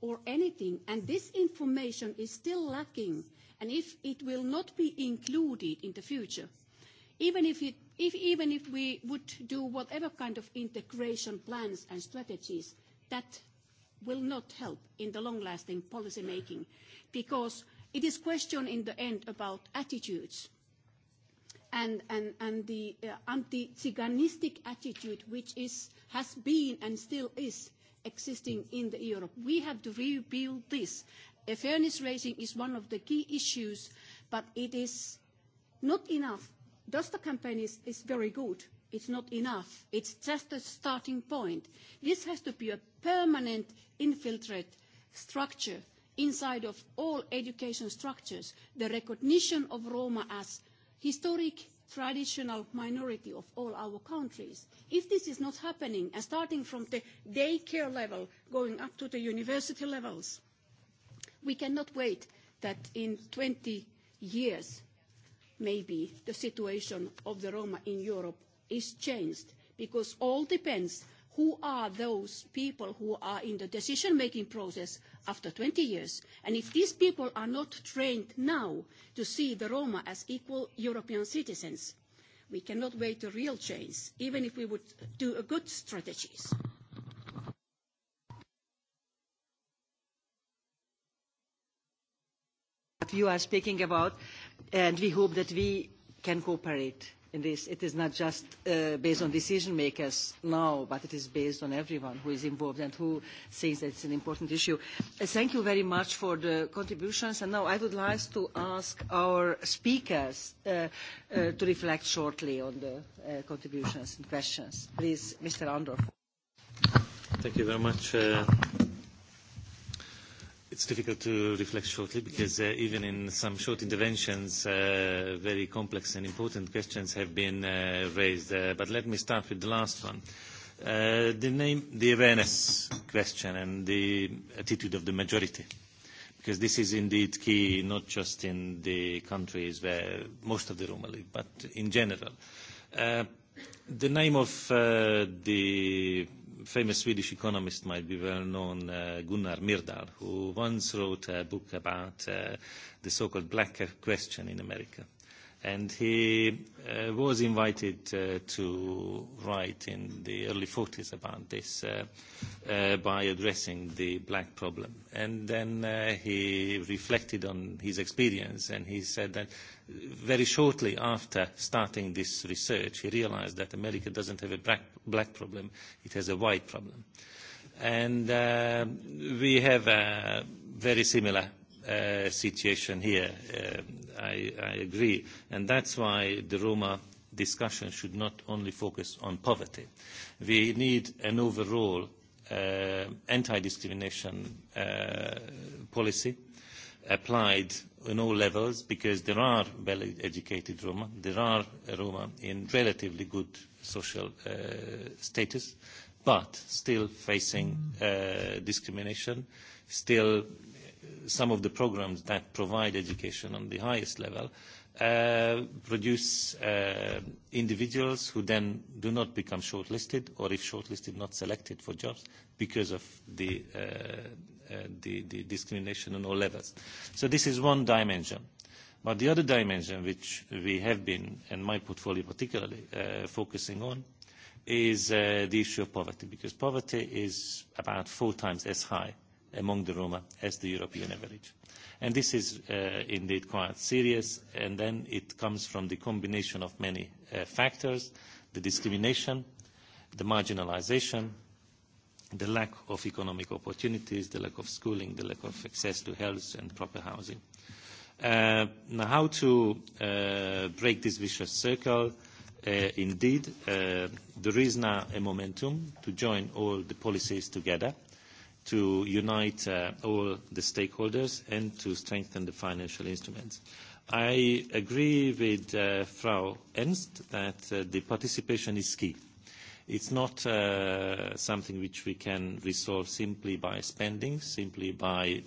or anything. And this information is still lacking, and if it will not be included in the future, even if it if even if we would do whatever kind of integration plans and strategies, that will not help in the long-lasting policy making because it is question in the end about attitudes and, and, and the uh, anti-Tsiganistic attitude which is, has been and still is existing in the Europe. We have to rebuild this. Fairness raising is one of the key issues, but it is not enough. Dosta campaign is, is very good. It's not enough. It's just a starting point. This has to be a permanent infiltrate structure inside of all education structures. The recognition of Roma as historic traditional minority of all our countries. If this is not happening, and starting from the daycare level, going up to the university levels, we cannot wait that in 20 years, maybe the situation of the Roma in Europe is changed, because all depends who are those people who are in the decision-making process after twenty years. And if these people are not trained now to see the Roma as equal European citizens, we cannot wait for real change, even if we would do good strategies. you are speaking about, and we hope that we can cooperate in this. It is not just uh, based on decision makers now, but it is based on everyone who is involved and who thinks that it's an important issue. Uh, thank you very much for the contributions. And now I would like to ask our speakers uh, uh, to reflect shortly on the uh, contributions and questions. Please, Mr. Andorf. Thank you very much. Uh, it's difficult to reflect shortly because uh, even in some short interventions, uh, very complex and important questions have been uh, raised. Uh, but let me start with the last one. Uh, the name, the awareness question and the attitude of the majority, because this is indeed key, not just in the countries where most of the Roma live, but in general. Uh, the name of uh, the famous Swedish economist might be well known, uh, Gunnar Myrdal, who once wrote a book about uh, the so-called black question in America and he uh, was invited uh, to write in the early 40s about this uh, uh, by addressing the black problem. And then uh, he reflected on his experience and he said that very shortly after starting this research, he realized that America doesn't have a black, black problem, it has a white problem. And uh, we have a very similar uh, situation here. I, I agree. And that's why the Roma discussion should not only focus on poverty. We need an overall uh, anti-discrimination uh, policy applied on all levels because there are well educated Roma, there are Roma in relatively good social uh, status, but still facing uh, discrimination, still some of the programmes that provide education on the highest level produce individuals who then do not become shortlisted or if shortlisted not selected for jobs because of the, discrimination on all levels. So this is one dimension. But the other dimension which we have been, and my portfolio particularly, focusing on is the issue of poverty because poverty is about four times as high among the Roma as the European average. And this is indeed quite serious, and then it comes from the combination of many factors, the discrimination, the marginalisation, the lack of economic opportunities, the lack of schooling, the lack of access to health and proper housing. Now, how to break this vicious circle? Indeed, there is now a momentum to join all the policies together – to unite all the stakeholders and to strengthen the financial instruments. I agree with Frau Ernst that the participation is key. It's not something which we can resolve simply by spending, simply by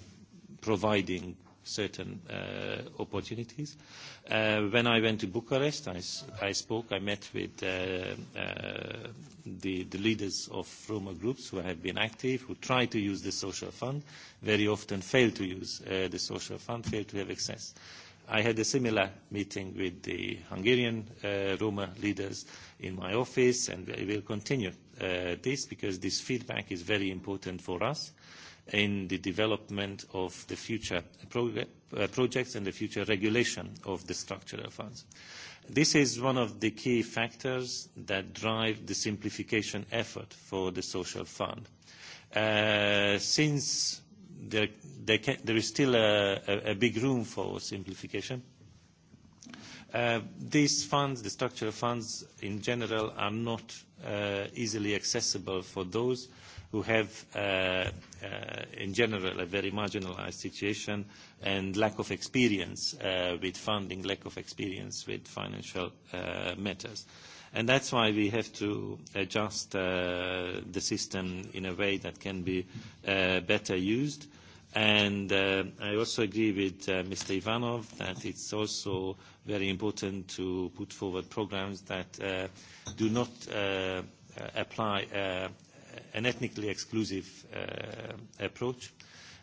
providing certain uh, opportunities. Uh, when I went to Bucharest, I, I spoke, I met with uh, uh, the, the leaders of Roma groups who have been active, who try to use the social fund, very often fail to use uh, the social fund, fail to have access. I had a similar meeting with the Hungarian uh, Roma leaders in my office, and we will continue uh, this because this feedback is very important for us in the development of the future projects and the future regulation of the structural funds. This is one of the key factors that drive the simplification effort for the social fund. Since there is still a big room for simplification, these funds, the structural funds in general, are not easily accessible for those who have uh, in general a very marginalized situation and lack of experience uh, with funding, lack of experience with financial uh, matters. And that's why we have to adjust uh, the system in a way that can be uh, better used. And uh, I also agree with uh, Mr. Ivanov that it's also very important to put forward programs that uh, do not uh, apply uh, an ethnically exclusive uh, approach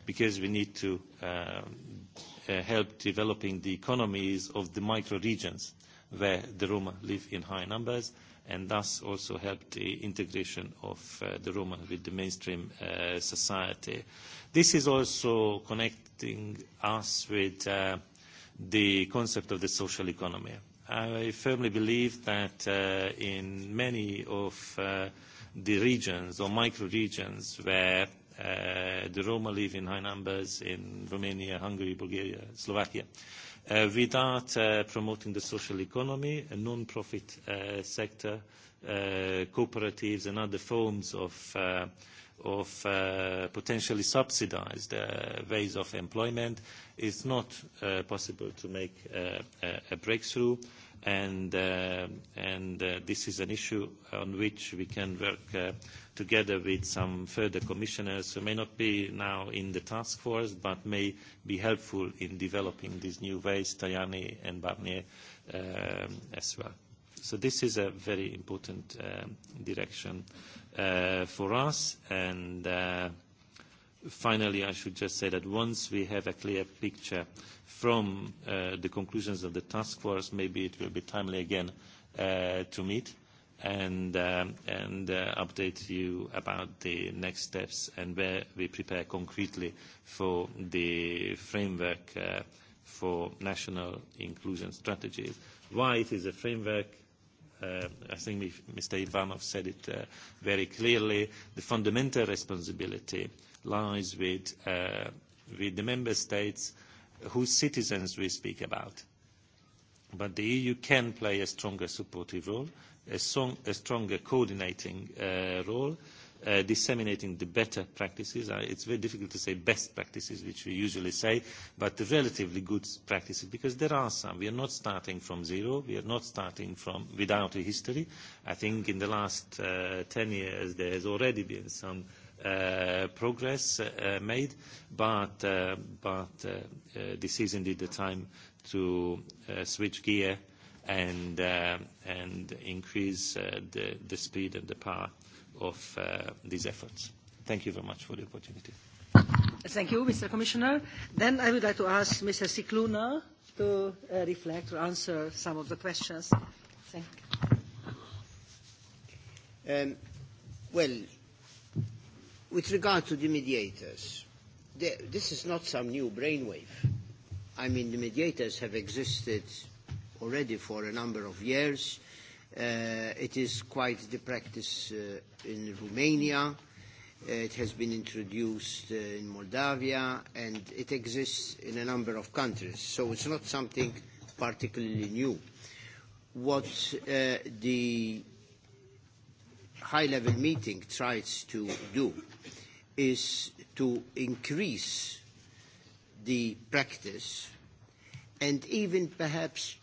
because we need to uh, help developing the economies of the micro-regions where the Roma live in high numbers and thus also help the integration of uh, the Roma with the mainstream uh, society. This is also connecting us with uh, the concept of the social economy. I firmly believe that uh, in many of uh, the regions or micro-regions where uh, the Roma live in high numbers in Romania, Hungary, Bulgaria, Slovakia, uh, without uh, promoting the social economy, a non-profit uh, sector, uh, cooperatives and other forms of, uh, of uh, potentially subsidized uh, ways of employment, it's not uh, possible to make uh, a breakthrough and this is an issue on which we can work together with some further commissioners who may not be now in the task force but may be helpful in developing these new ways, Tajani and Barnier as well. So this is a very important direction for us, and Finally, I should just say that once we have a clear picture from the conclusions of the task force, maybe it will be timely again to meet and update you about the next steps and where we prepare concretely for the framework for national inclusion strategies. Why it is a framework, I think Mr. Ivanov said it very clearly. The fundamental responsibility lies with, uh, with the member states whose citizens we speak about. But the EU can play a stronger supportive role, a, a stronger coordinating uh, role, uh, disseminating the better practices. it's very difficult to say best practices, which we usually say, but the relatively good practices, because there are some. We are not starting from zero. We are not starting from without a history. I think in the last uh, 10 years there has already been some progress made, but this is indeed the time to switch gear and increase the speed and the power of these efforts. Thank you very much for the opportunity. Thank you, Mr. Commissioner. Then I would like to ask Mr. Scicluna to reflect or answer some of the questions. Thank you. Well, With regard to the mediators, the, this is not some new brainwave. I mean, the mediators have existed already for a number of years. Uh, it is quite the practice uh, in Romania. It has been introduced uh, in Moldavia, and it exists in a number of countries. So it's not something particularly new. What uh, the high-level meeting tries to do is to increase the practice and even perhaps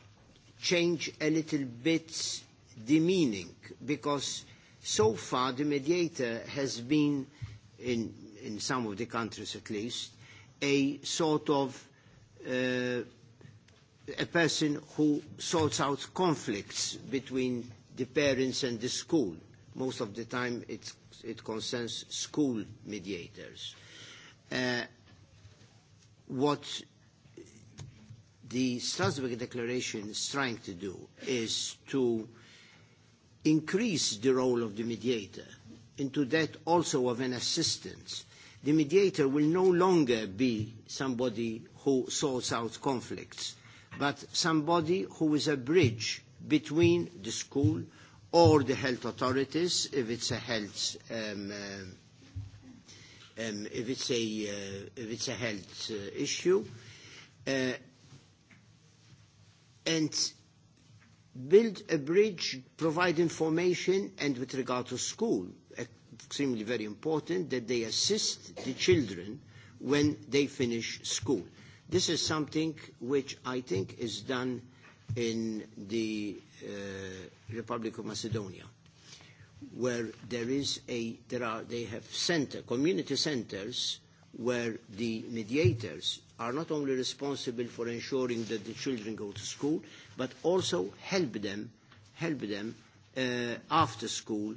change a little bit the meaning because so far the mediator has been in, in some of the countries at least a sort of uh, a person who sorts out conflicts between the parents and the school Most of the time it's, it concerns school mediators. Uh, what the Strasbourg Declaration is trying to do is to increase the role of the mediator into that also of an assistance. The mediator will no longer be somebody who sorts out conflicts, but somebody who is a bridge between the school, or the health authorities if it's a health um, um, if it's a uh, if it's a health uh, issue uh, and build a bridge provide information and with regard to school extremely very important that they assist the children when they finish school this is something which I think is done in the uh, Republic of Macedonia, where there is a there are they have center community centers where the mediators are not only responsible for ensuring that the children go to school, but also help them help them uh, after school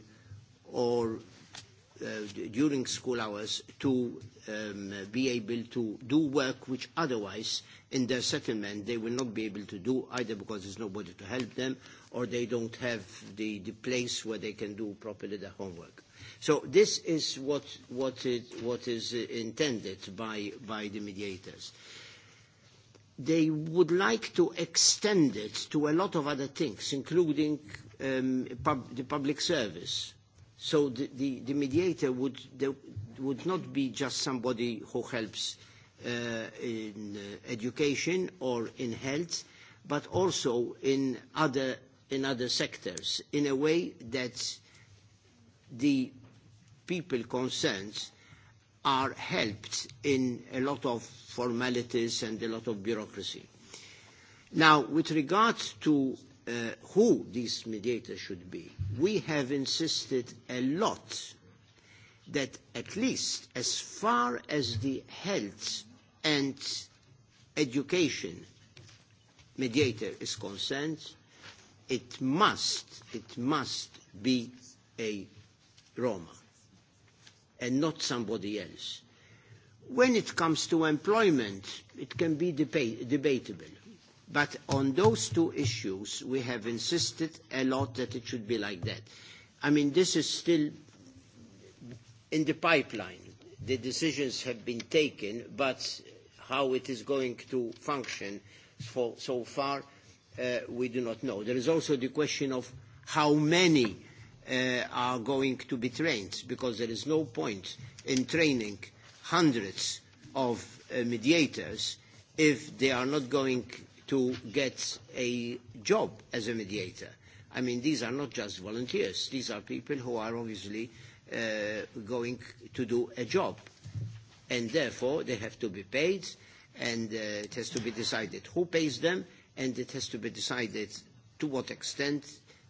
or during school hours to be able to do work which otherwise in their settlement they will not be able to do either because there's nobody to help them or they don't have the, the place where they can do properly their homework. So this is what, what, it, what is intended by, by the mediators. They would like to extend it to a lot of other things, including um, pub, the public service So the, the, the mediator would, the would not be just somebody who helps uh, in education or in health, but also in other, in other sectors in a way that the people concerned are helped in a lot of formalities and a lot of bureaucracy. Now, with regard to uh, who these mediators should be. We have insisted a lot that at least as far as the health and education mediator is concerned, it must, it must be a Roma and not somebody else. When it comes to employment, it can be deba- debatable But on those two issues, we have insisted a lot that it should be like that. I mean, this is still in the pipeline. The decisions have been taken, but how it is going to function for so far, we do not know. There is also the question of how many are going to be trained, because there is no point in training hundreds of mediators if they are not going to get a job as a mediator. I mean, these are not just volunteers. These are people who are obviously uh, going to do a job. And therefore, they have to be paid, and uh, it has to be decided who pays them, and it has to be decided to what extent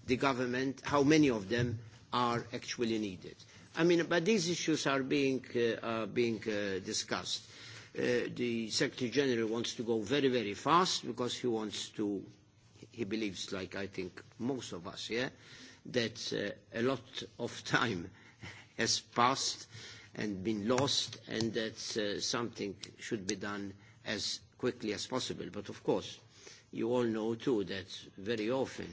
the government, how many of them are actually needed. I mean, but these issues are being, uh, are being uh, discussed the Secretary General wants to go very, very fast because he wants to, he believes, like I think most of us here, that uh, a lot of time has passed and been lost and that uh, something should be done as quickly as possible. But of course, you all know too that very often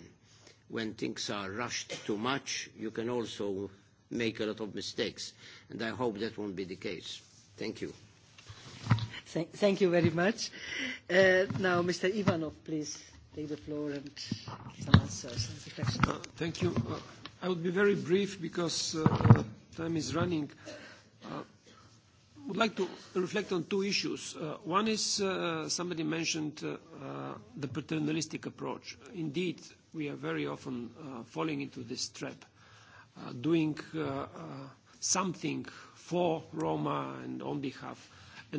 when things are rushed too much, you can also make a lot of mistakes. And I hope that won't be the case. Thank you. Thank you very much. Now, Mr. Ivanov, please take the floor and some answers and reflections. Thank you. I would be very brief because time is running. I would like to reflect on two issues. One is, somebody mentioned the paternalistic approach. Indeed, we are very often falling into this trap, doing something for Roma and on behalf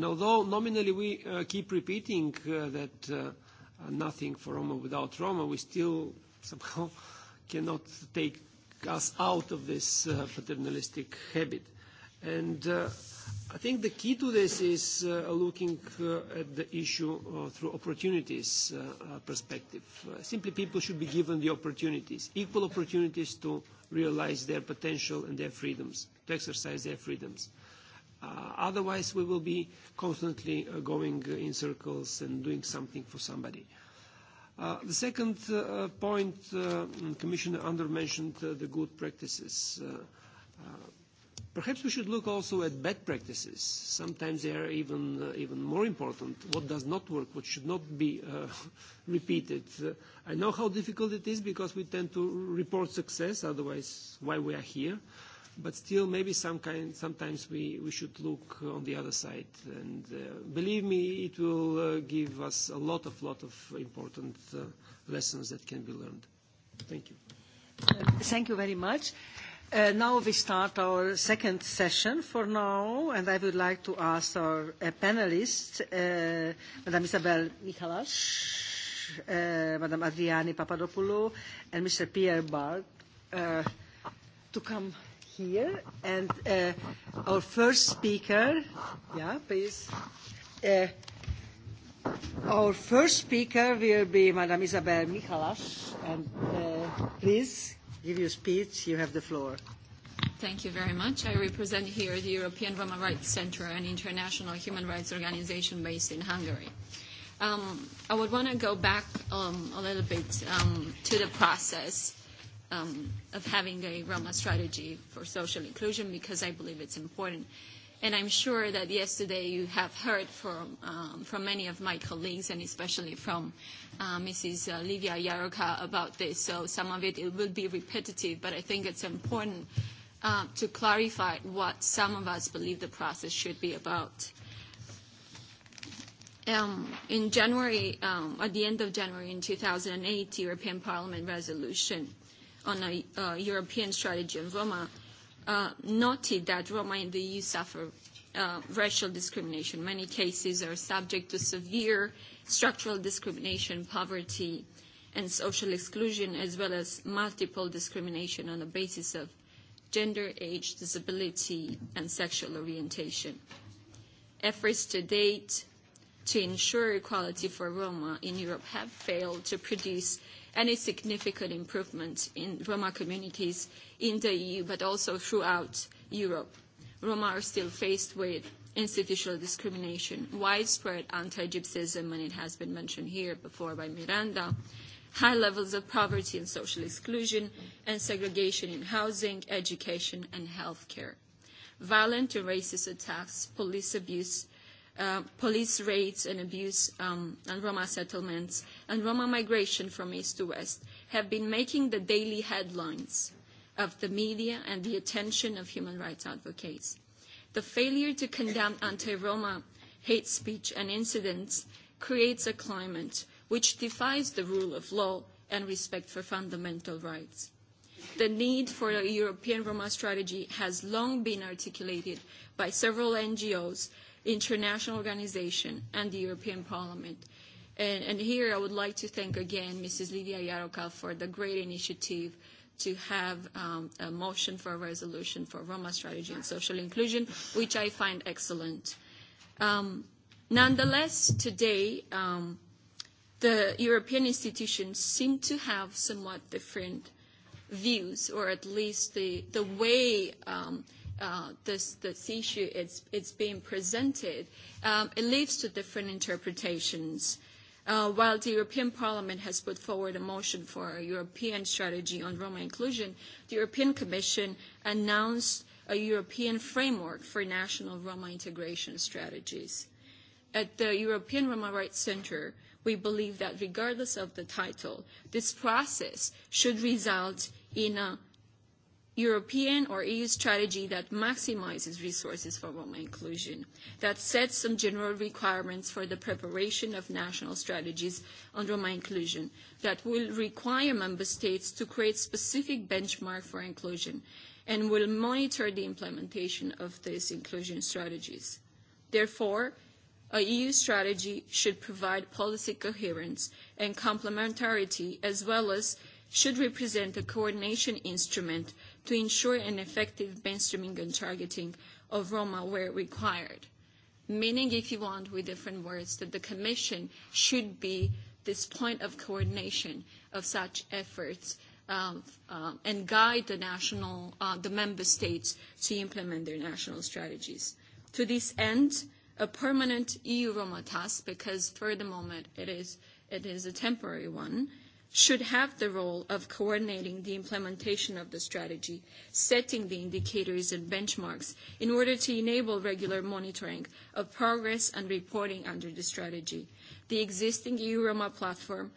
although nominally we keep repeating that nothing for Roma without Roma, we still somehow cannot take us out of this paternalistic habit. I think the key to this is looking at the issue through opportunities perspective. simply people should be given the opportunities, equal opportunities to realize their potential and their freedoms, to exercise their freedoms. Otherwise, we will be constantly going in circles and doing something for somebody. The second point, Commissioner Andor mentioned the good practices. Perhaps we should look also at bad practices. Sometimes they are even more important. What does not work, what should not be repeated. I know how difficult it is because we tend to report success, otherwise why we are here. But still, maybe some kind, sometimes we, we should look on the other side. And uh, believe me, it will uh, give us a lot of, lot of important uh, lessons that can be learned. Thank you. Thank you very much. Now we start our second session for now, and I would like to ask our panelists, uh Madam Isabel uh, Madam Adriani Papadopoulou, and Mr. Pierre Bart, to come here. And uh, our first speaker, yeah, please. Uh, our first speaker will be Madame Isabel Michalas. And uh, please give your speech. You have the floor. Thank you very much. I represent here the European Roma Rights Center, an international human rights organization based in Hungary. Um, I would want to go back um, a little bit um, to the process um, of having a Roma strategy for social inclusion because I believe it's important. And I'm sure that yesterday you have heard from, um, from many of my colleagues and especially from uh, Mrs. Uh, Livia Yaroka about this. So some of it, it will be repetitive, but I think it's important uh, to clarify what some of us believe the process should be about. Um, in January, um, at the end of January in 2008, European Parliament resolution on a uh, European strategy on Roma uh, noted that Roma in the EU suffer uh, racial discrimination. Many cases are subject to severe structural discrimination, poverty, and social exclusion, as well as multiple discrimination on the basis of gender, age, disability, and sexual orientation. Efforts to date to ensure equality for Roma in Europe have failed to produce any significant improvement in Roma communities in the EU, but also throughout Europe. Roma are still faced with institutional discrimination, widespread anti-Gypsyism, and it has been mentioned here before by Miranda, high levels of poverty and social exclusion, and segregation in housing, education, and health care. Violent and racist attacks, police abuse, uh, police raids and abuse um, and Roma settlements and Roma migration from east to west have been making the daily headlines of the media and the attention of human rights advocates. The failure to condemn anti-Roma hate speech and incidents creates a climate which defies the rule of law and respect for fundamental rights. The need for a European Roma strategy has long been articulated by several NGOs international organization, and the European Parliament. And, and here I would like to thank again Mrs. Lydia Yarokal for the great initiative to have um, a motion for a resolution for Roma strategy and social inclusion, which I find excellent. Um, nonetheless, today, um, the European institutions seem to have somewhat different views, or at least the, the way um, uh, this, this issue is, it's being presented, um, it leads to different interpretations. Uh, while the European Parliament has put forward a motion for a European strategy on Roma inclusion, the European Commission announced a European framework for national Roma integration strategies. At the European Roma Rights Center, we believe that regardless of the title, this process should result in a European or EU strategy that maximizes resources for Roma inclusion, that sets some general requirements for the preparation of national strategies on Roma inclusion, that will require member states to create specific benchmarks for inclusion, and will monitor the implementation of these inclusion strategies. Therefore, a EU strategy should provide policy coherence and complementarity as well as should represent a coordination instrument to ensure an effective mainstreaming and targeting of Roma where required. Meaning, if you want, with different words, that the Commission should be this point of coordination of such efforts um, uh, and guide the national, uh, the member states to implement their national strategies. To this end, a permanent EU Roma task, because for the moment it is, it is a temporary one, should have the role of coordinating the implementation of the strategy, setting the indicators and benchmarks in order to enable regular monitoring of progress and reporting under the strategy. The existing EU Roma platform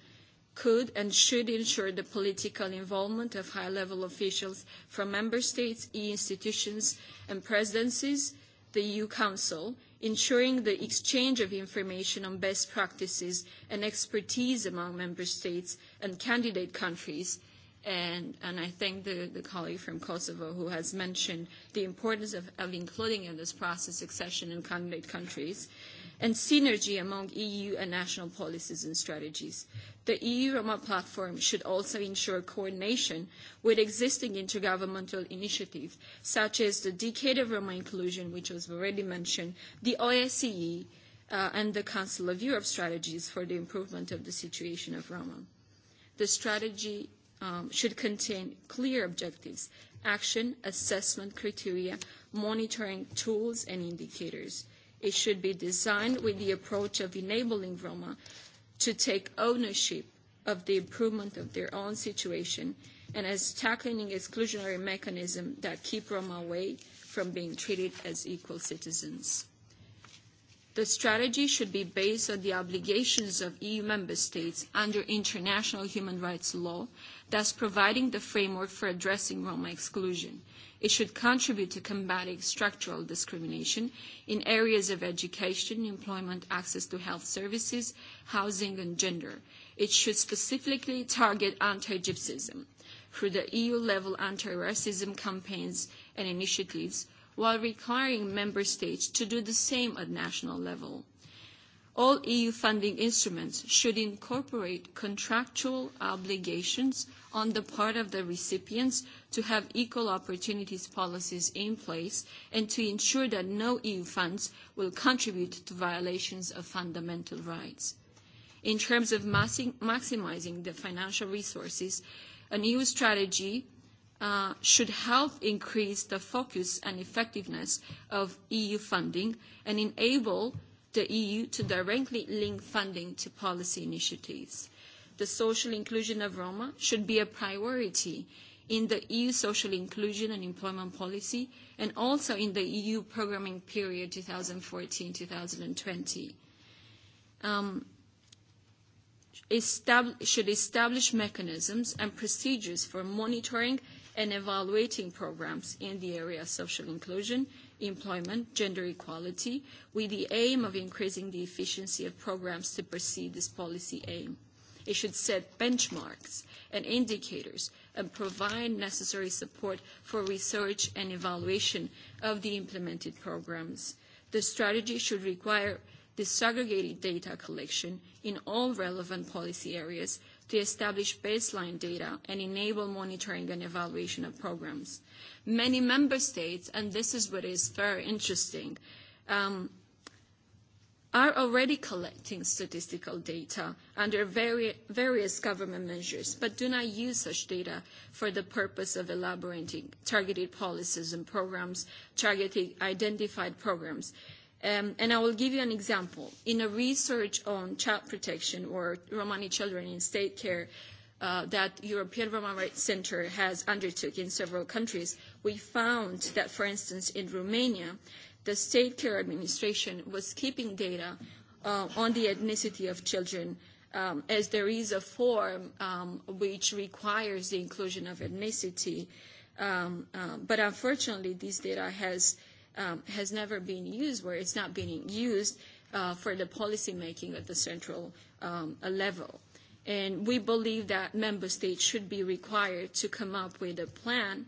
could and should ensure the political involvement of high-level officials from member states, EU institutions and presidencies, the EU Council, ensuring the exchange of information on best practices and expertise among member states and candidate countries. And, and I thank the, the colleague from Kosovo who has mentioned the importance of, of including in this process accession and candidate countries. Uh, and synergy among EU and national policies and strategies. The EU Roma platform should also ensure coordination with existing intergovernmental initiatives, such as the Decade of Roma Inclusion, which was already mentioned, the OSCE, and the Council of Europe strategies for the improvement of the situation of Roma. The strategy should contain clear objectives, action, assessment criteria, monitoring tools, and indicators It should be designed with the approach of enabling Roma to take ownership of the improvement of their own situation and as tackling exclusionary mechanisms that keep Roma away from being treated as equal citizens. The strategy should be based on the obligations of EU member states under international human rights law, thus providing the framework for addressing Roma exclusion It should contribute to combating structural discrimination in areas of education, employment, access to health services, housing, and gender. It should specifically target anti-gypsyism through the EU-level anti-racism campaigns and initiatives, while requiring member states to do the same at national level. All EU funding instruments should incorporate contractual obligations on the part of the recipients to have equal opportunities policies in place and to ensure that no EU funds will contribute to violations of fundamental rights. In terms of maximising the financial resources, an EU strategy should help increase the focus and effectiveness of EU funding and enable the EU to directly link funding to policy initiatives. The social inclusion of Roma should be a priority in the EU social inclusion and employment policy, and also in the EU programming period 2014-2020. Um, estab- should establish mechanisms and procedures for monitoring and evaluating programs in the area of social inclusion, employment, gender equality, with the aim of increasing the efficiency of programs to pursue this policy aim. It should set benchmarks and indicators and provide necessary support for research and evaluation of the implemented programs. The strategy should require disaggregated data collection in all relevant policy areas to establish baseline data and enable monitoring and evaluation of programs. Many member states, and this is what is very interesting, um, are already collecting statistical data under various government measures, but do not use such data for the purpose of elaborating targeted policies and programs, targeted identified programs. and I will give you an example. In a research on child protection or Romani children in state care that European Roma Rights Center has undertook in several countries, we found that, for instance, in Romania, the State Care Administration was keeping data uh, on the ethnicity of children um, as there is a form um, which requires the inclusion of ethnicity. Um, um, but unfortunately, this data has, um, has never been used where it's not being used uh, for the policy making at the central um, level. And we believe that member states should be required to come up with a plan uh,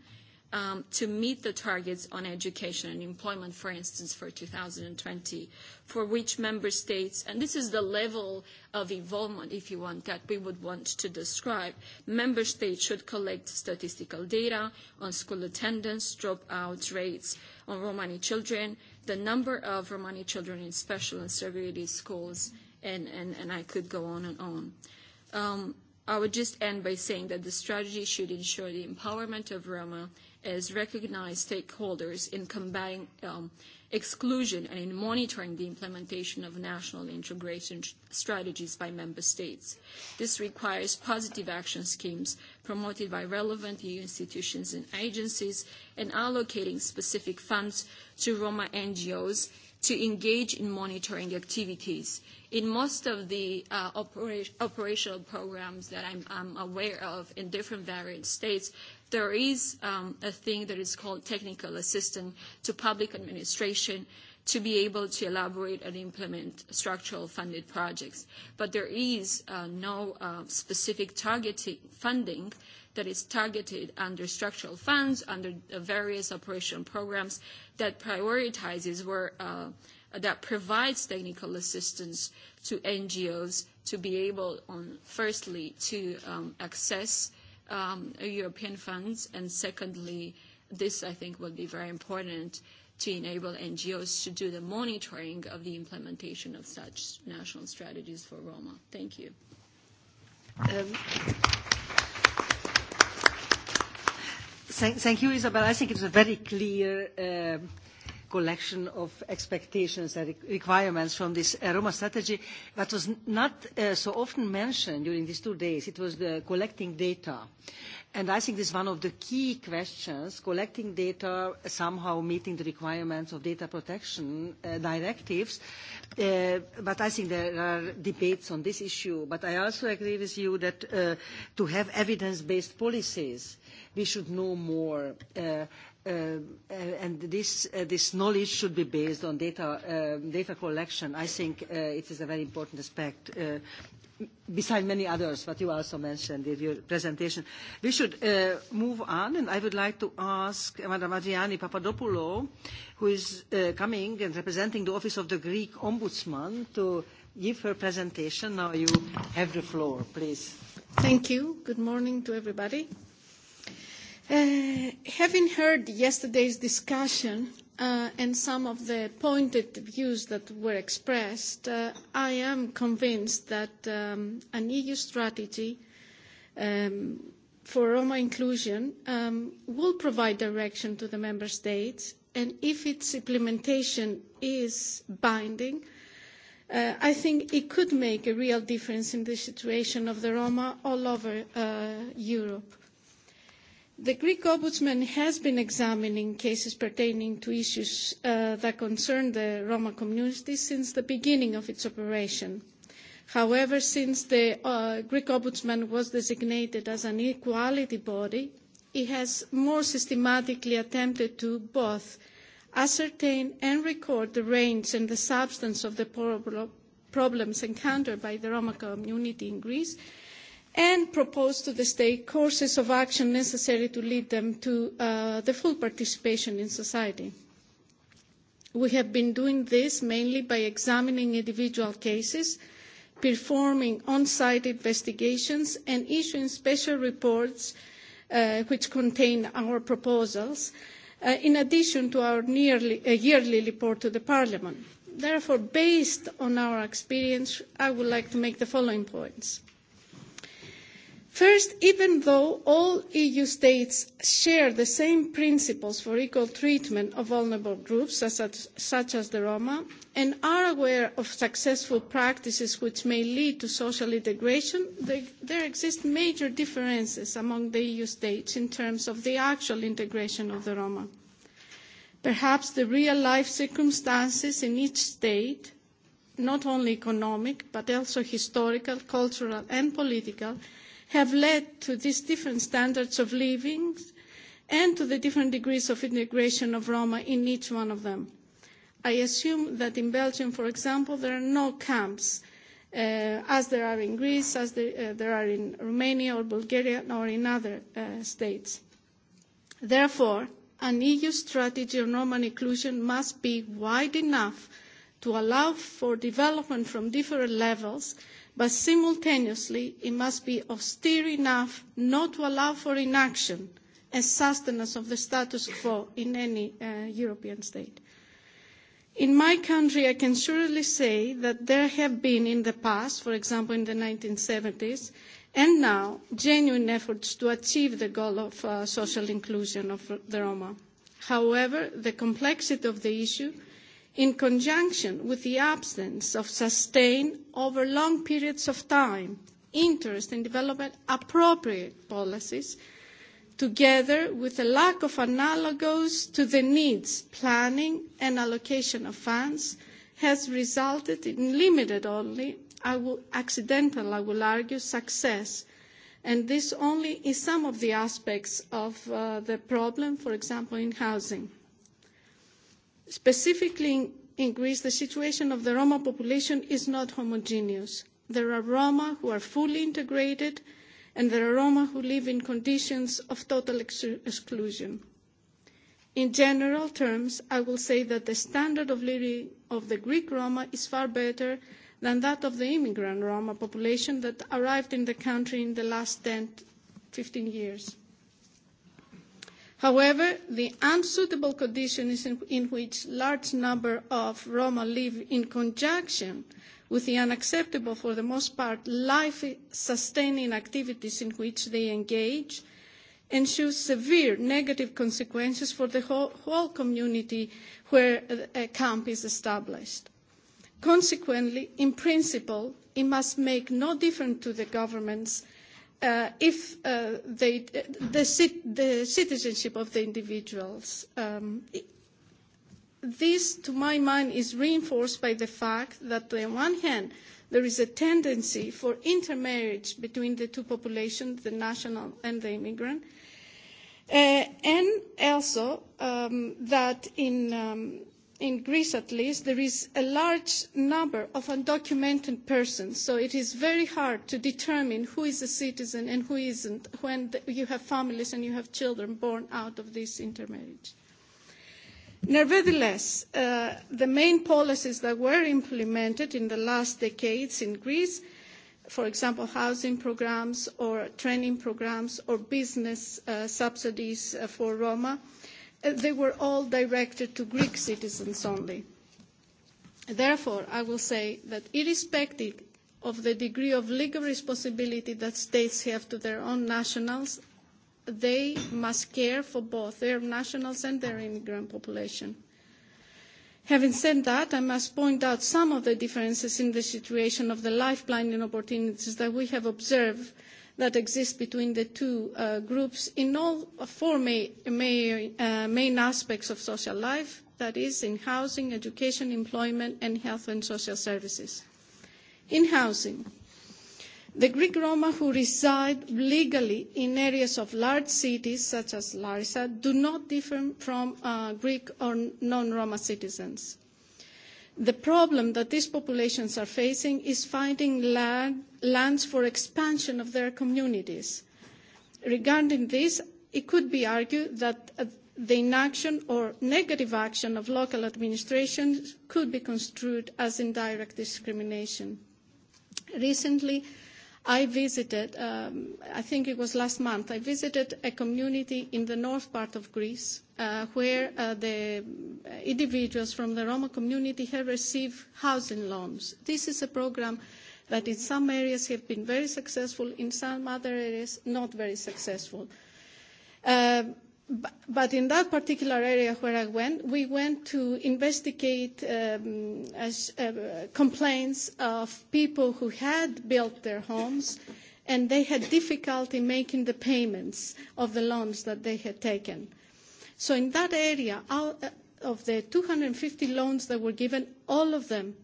um, to meet the targets on education and employment, for instance, for 2020, for which member states, and this is the level of involvement, if you want, that we would want to describe, member states should collect statistical data on school attendance, dropout rates on Romani children, the number of Romani children in special and segregated schools, and, and, and I could go on and on. Um, I would just end by saying that the strategy should ensure the empowerment of Roma as recognized stakeholders in combating um, exclusion and in monitoring the implementation of national integration strategies by member states. This requires positive action schemes promoted by relevant EU institutions and agencies and allocating specific funds to Roma NGOs to engage in monitoring activities. In most of the uh, operational programs that I'm, I'm aware of in different varied states, there is um, a thing that is called technical assistance to public administration to be able to elaborate and implement structural funded projects. But there is uh, no uh, specific targeting funding that is targeted under structural funds, under the various operational programs that prioritizes where uh, that provides technical assistance to NGOs to be able on firstly to um, access um, European funds. And secondly, this I think will be very important to enable NGOs to do the monitoring of the implementation of such national strategies for Roma. Thank you. Um, thank, thank you, Isabel. I think it's a very clear um, collection of expectations and requirements from this Roma strategy. that was not so often mentioned during these two days, it was the collecting data And I think this is one of the key questions, collecting data, somehow meeting the requirements of data protection directives. but I think there are debates on this issue. But I also agree with you that to have evidence-based policies, we should know more and this knowledge should be based on data collection. I think it is a very important aspect beside many others, what you also mentioned in your presentation. We should uh, move on, and I would like to ask Madam Adriani Papadopoulou, who is uh, coming and representing the Office of the Greek Ombudsman, to give her presentation. Now you have the floor, please. Thank you. Good morning to everybody. Uh, having heard yesterday's discussion, and some of the pointed views that were expressed, I am convinced that an EU strategy for Roma inclusion will provide direction to the member states, and if its implementation is binding, I think it could make a real difference in the situation of the Roma all over Europe. The Greek Ombudsman has been examining cases pertaining to issues that concern the Roma community since the beginning of its operation. However, since the Greek Ombudsman was designated as an equality body, it has more systematically attempted to both ascertain and record the range and the substance of the problems encountered by the Roma community in Greece and propose to the state courses of action necessary to lead them to the full participation in society. We have been doing this mainly by examining individual cases, performing on-site investigations, and issuing special reports which contain our proposals, in addition to our yearly report to Parliament. Therefore, based on our experience, I would like to make the following points. First, even though all EU states share the same principles for equal treatment of vulnerable groups, such as the Roma, and are aware of successful practices which may lead to social integration, there exist major differences among the EU states in terms of the actual integration of the Roma. Perhaps the real-life circumstances in each state, not only economic, but also historical, cultural, and political, have led to these different standards of living and to the different degrees of integration of Roma in each one of them. I assume that in Belgium, for example, there are no camps, uh, as there are in Greece, as there, uh, there are in Romania or Bulgaria or in other uh, states. Therefore, an EU strategy on Roma inclusion must be wide enough to allow for development from different levels but simultaneously it must be austere enough not to allow for inaction and sustenance of the status quo in any European state. In my country, I can surely say that there have been in the past, for example in the 1970s, and now genuine efforts to achieve the goal of social inclusion of the Roma. However, the complexity of the issue in conjunction with the absence of sustained over long periods of time interest in developing appropriate policies together with a lack of analogous to the needs planning and allocation of funds has resulted in limited only I will, accidental I will argue success and this only is some of the aspects of the problem for example in housing Specifically in Greece, the situation of the Roma population is not homogeneous. There are Roma who are fully integrated, and there are Roma who live in conditions of total exclusion. In general terms, I will say that the standard of living of the Greek Roma is far better than that of the immigrant Roma population that arrived in the country in the last ten, fifteen years. However, the unsuitable conditions in which large number of Roma live in conjunction with the unacceptable, for the most part, life-sustaining activities in which they engage, ensures severe negative consequences for the whole, whole community where a camp is established. Consequently, in principle, it must make no difference to the governments if they, the, the citizenship of the individuals. this, to my mind, is reinforced by the fact that, on one hand, there is a tendency for intermarriage between the two populations, the national and the immigrant, uh and also um that in um in Greece at least, there is a large number of undocumented persons, so it is very hard to determine who is a citizen and who isn't when you have families and you have children born out of this intermarriage. Nevertheless, the main policies that were implemented in the last decades in Greece, for example, housing programmes or training programmes or business subsidies for Roma, they were all directed to Greek citizens only. Therefore, I will say that irrespective of the degree of legal responsibility that states have to their own nationals, they must care for both their nationals and their immigrant population. Having said that, I must point out some of the differences in the situation of the lifeline and opportunities that we have observed that exist between the two uh, groups in all four main, uh, main aspects of social life, that is in housing, education, employment, and health and social services. In housing, the Greek Roma who reside legally in areas of large cities such as Larissa do not differ from uh, Greek or non-Roma citizens. The problem that these populations are facing is finding land, lands for expansion of their communities. Regarding this, it could be argued that the inaction or negative action of local administrations could be construed as indirect discrimination. Recently, I visited, um, I think it was last month, I visited a community in the north part of Greece uh, where uh, the individuals from the Roma community have received housing loans. This is a program that in some areas have been very successful, in some other areas not very successful. Uh, but in that particular area where I went, we went to investigate um, as, uh, complaints of people who had built their homes and they had difficulty making the payments of the loans that they had taken. So in that area, out of the 250 loans that were given, all of them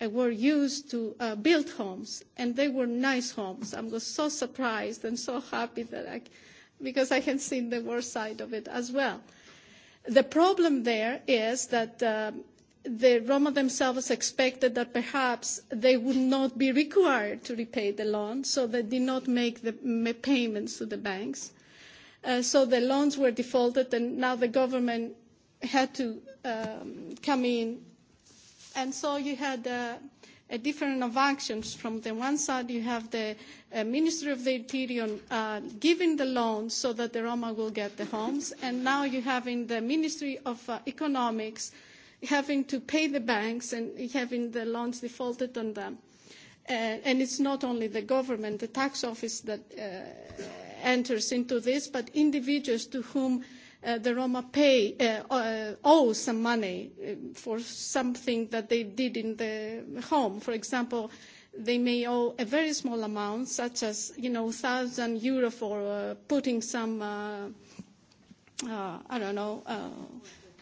were used to uh, build homes, and they were nice homes. I was so surprised and so happy that I because I can see the worst side of it as well. The problem there is that the Roma themselves expected that perhaps they would not be required to repay the loan, so they did not make the payments to the banks. so the loans were defaulted, and now the government had to um come in. And so you had uh a different of actions. From the one side, you have the uh, Ministry of the Interior uh, giving the loans so that the Roma will get the homes, and now you have in the Ministry of uh, Economics having to pay the banks and having the loans defaulted on them. Uh, and it's not only the government, the tax office that uh, enters into this, but individuals to whom the Roma pay uh, owe some money for something that they did in the home. For example, they may owe a very small amount, such as you know, thousand euro for uh, putting some, uh, uh, I don't know. Uh,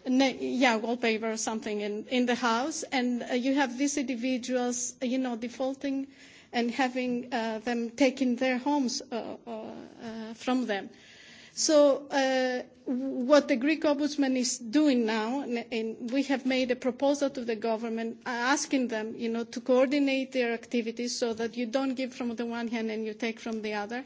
yeah, wallpaper or something in, in the house, and uh, you have these individuals, you know, defaulting and having uh, them taking their homes uh, uh, from them. So uh, what the Greek ombudsman is doing now, and, and we have made a proposal to the government asking them, you know, to coordinate their activities so that you don't give from the one hand and you take from the other,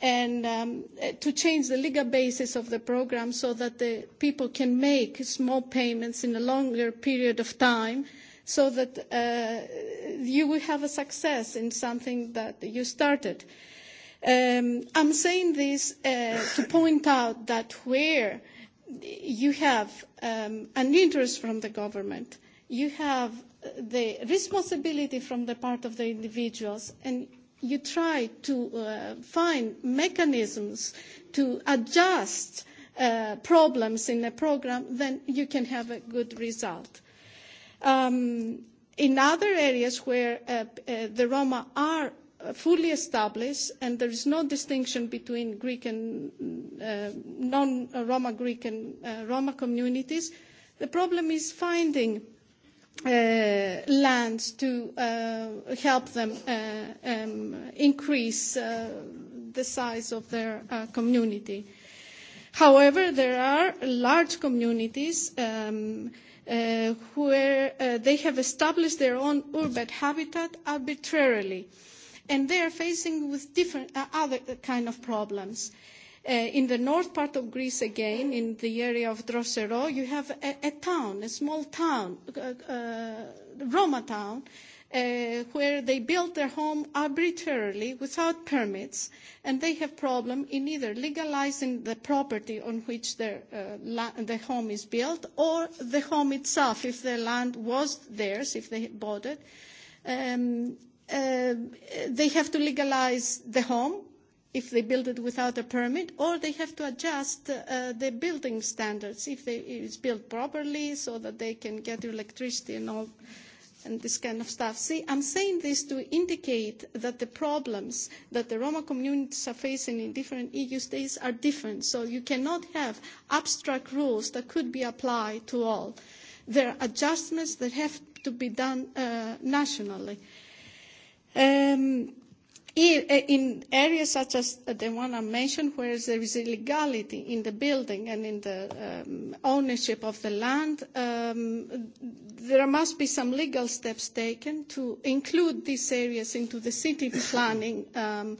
and um, to change the legal basis of the program so that the people can make small payments in a longer period of time so that uh, you will have a success in something that you started. Uh, Um, I'm saying this uh, to point out that where you have um, an interest from the government, you have the responsibility from the part of the individuals, and you try to uh, find mechanisms to adjust uh, problems in a program, then you can have a good result. Um, in other areas where uh, uh, the Roma are fully established, and there is no distinction between Greek and non-Roma Greek and Roma communities. The problem is finding lands to help them increase the size of their community. However, there are large communities where they have established their own urban habitat arbitrarily. Uh, and they are facing with different uh, other kind of problems. Uh, in the north part of Greece, again, in the area of Drosero, you have a, a town, a small town, uh, uh, Roma town, uh, where they built their home arbitrarily without permits, and they have problem in either legalizing the property on which their, uh, la- the home is built or the home itself, if the land was theirs, if they bought it. Um, they have to legalize the home if they build it without a permit, or they have to adjust uh, the building standards if they, it's built properly so that they can get electricity and all and this kind of stuff. See, I'm saying this to indicate that the problems that the Roma communities are facing in different EU states are different. So you cannot have abstract rules that could be applied to all. There are adjustments that have to be done uh, nationally. Um, in areas such as the one I mentioned, where there is illegality in the building and in the um, ownership of the land, um, there must be some legal steps taken to include these areas into the city planning um,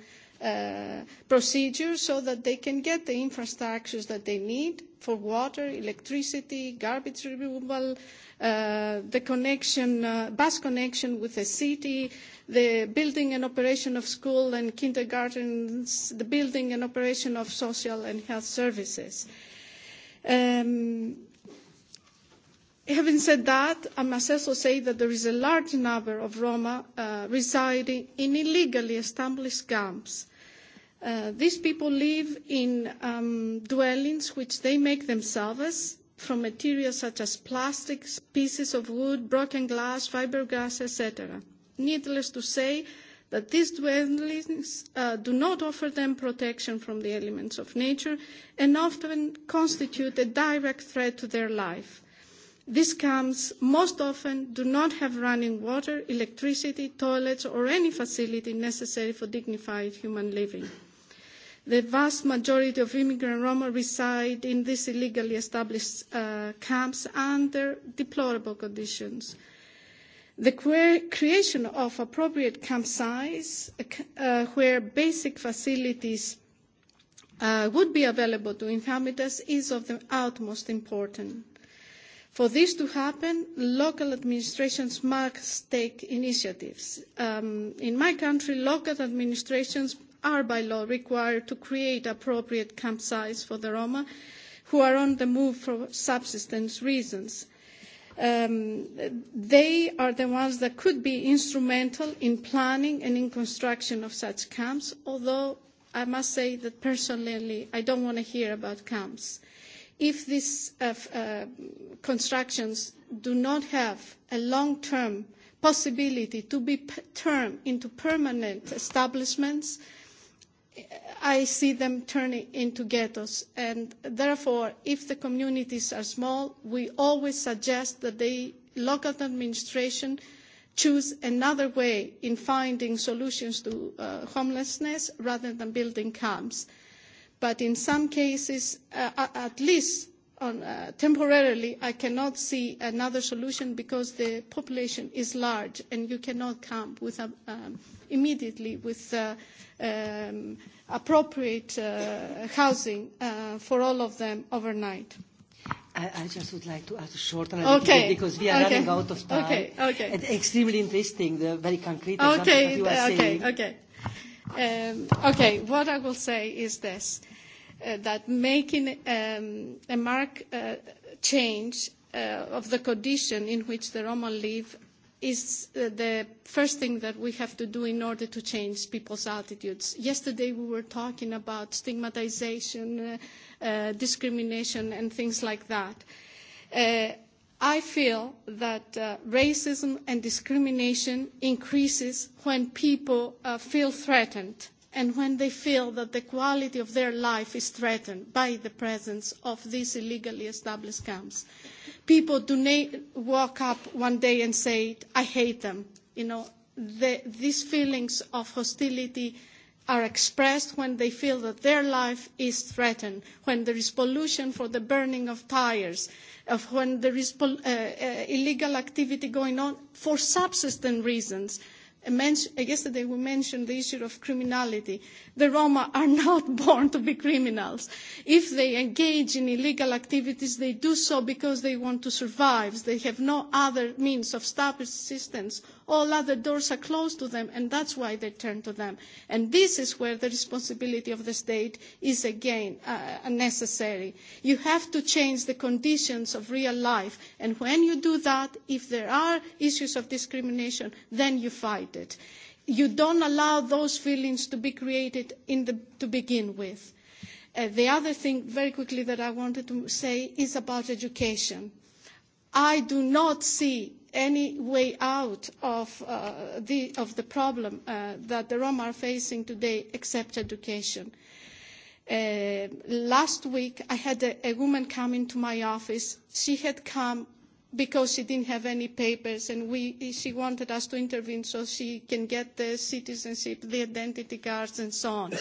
procedures so that they can get the infrastructures that they need for water, electricity, garbage removal, the connection, uh, bus connection with the city, the building and operation of school and kindergartens, the building and operation of social and health services. Um, Having said that, I must also say that there is a large number of Roma residing in illegally established camps these people live in um, dwellings which they make themselves from materials such as plastics, pieces of wood, broken glass, fiberglass, etc. Needless to say that these dwellings uh, do not offer them protection from the elements of nature and often constitute a direct threat to their life. These camps most often do not have running water, electricity, toilets, or any facility necessary for dignified human living. The vast majority of immigrant Roma reside in these illegally established camps under deplorable conditions. The creation of appropriate campsites uh, where basic facilities uh, would be available to inhabitants is of the utmost importance. For this to happen, local administrations must take initiatives. in my country, local administrations are by law required to create appropriate campsites for the Roma who are on the move for subsistence reasons. they are the ones that could be instrumental in planning and in construction of such camps, although I must say that personally I don't want to hear about camps. If these constructions do not have a long-term possibility to be turned into permanent establishments, I see them turning into ghettos. And therefore, if the communities are small, we always suggest that the local administration choose another way in finding solutions to homelessness rather than building camps. But in some cases, at least temporarily, I cannot see another solution because the population is large and you cannot come with a, um, immediately with uh, um, appropriate uh, housing uh, for all of them overnight. I, I just would like to add a short okay. because we are okay. running out of time. Okay, okay. And extremely interesting, the very concrete example that you are okay. saying. Okay, okay. Um, okay, what I will say is this that making a marked change of the condition in which the Roma live is the first thing that we have to do in order to change people's attitudes. Yesterday we were talking about stigmatization, discrimination, and things like that. I feel that racism and discrimination increases when people feel threatened and when they feel that the quality of their life is threatened by the presence of these illegally established camps. People do not walk up one day and say, I hate them. You know, the, these feelings of hostility are expressed when they feel that their life is threatened, when there is pollution for the burning of tires, of when there is illegal activity going on for subsistence reasons Yesterday we mentioned the issue of criminality. The Roma are not born to be criminals. If they engage in illegal activities, they do so because they want to survive. They have no other means of subsistence all other doors are closed to them, and that's why they turn to them. And this is where the responsibility of the state is again uh, necessary. You have to change the conditions of real life, and when you do that, if there are issues of discrimination, then you fight it. You don't allow those feelings to be created in the, to begin with. Uh, the other thing, very quickly, that I wanted to say is about education. I do not see any way out of, uh, the, of the problem uh, that the Roma are facing today except education. Uh, last week, I had a, a woman come into my office. She had come because she didn't have any papers, and we, she wanted us to intervene so she can get the citizenship, the identity cards, and so on.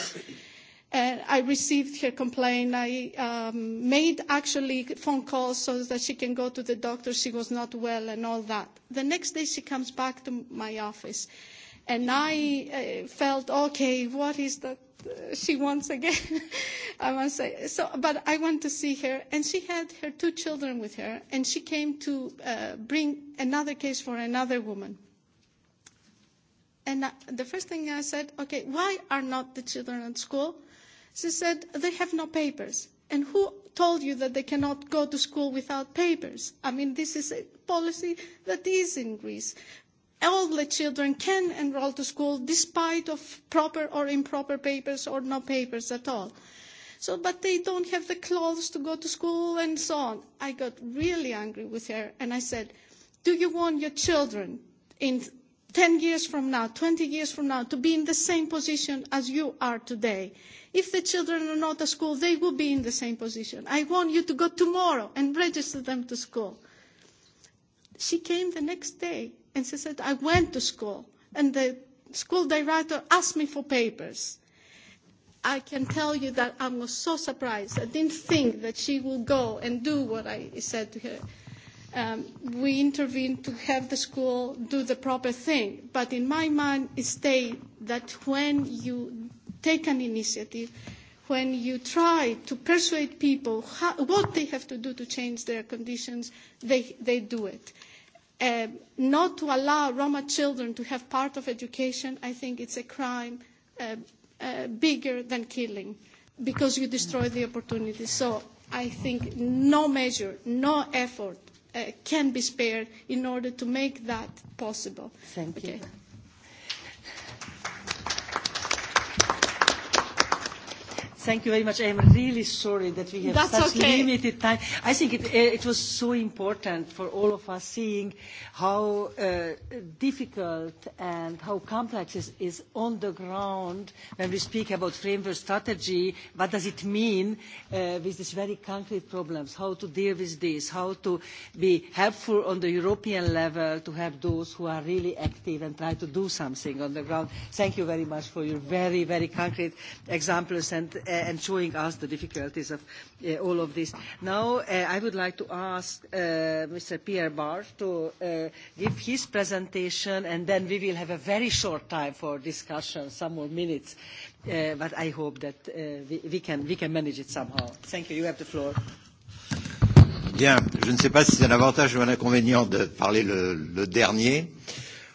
And I received her complaint. I um, made actually phone calls so that she can go to the doctor. She was not well and all that. The next day she comes back to my office. And I uh, felt, okay, what is that she wants again? I must say. So, but I went to see her. And she had her two children with her. And she came to uh, bring another case for another woman. And the first thing I said, okay, why are not the children at school? She said, they have no papers. And who told you that they cannot go to school without papers? I mean, this is a policy that is in Greece. All the children can enroll to school despite of proper or improper papers or no papers at all. So, but they don't have the clothes to go to school and so on. I got really angry with her and I said, do you want your children in 10 years from now, 20 years from now, to be in the same position as you are today. If the children are not at school, they will be in the same position. I want you to go tomorrow and register them to school. She came the next day and she said, I went to school and the school director asked me for papers. I can tell you that I was so surprised. I didn't think that she would go and do what I said to her um, we intervene to have the school do the proper thing. But in my mind, it stays that when you take an initiative, when you try to persuade people how, what they have to do to change their conditions, they, they do it. not to allow Roma children to have part of education, I think it's a crime uh, uh, bigger than killing because you destroy the opportunity. So I think no measure, no effort can be spared in order to make that possible. Thank you. Thank you very much. I am really sorry that we have That's such okay. limited time. I think it, it was so important for all of us seeing how uh, difficult and how complex it is on the ground when we speak about framework strategy. What does it mean uh, with these very concrete problems? How to deal with this? How to be helpful on the European level to help those who are really active and try to do something on the ground? Thank you very much for your very, very concrete examples and and showing us the difficulties of all of this. Now, I would like to ask Mr. Pierre Barr to give his presentation, and then we will have a very short time for discussion, some more minutes. But I hope that we can manage it somehow. Thank you. You have the floor. Bien. Je ne sais pas si c'est un avantage ou un inconvénient de parler le dernier.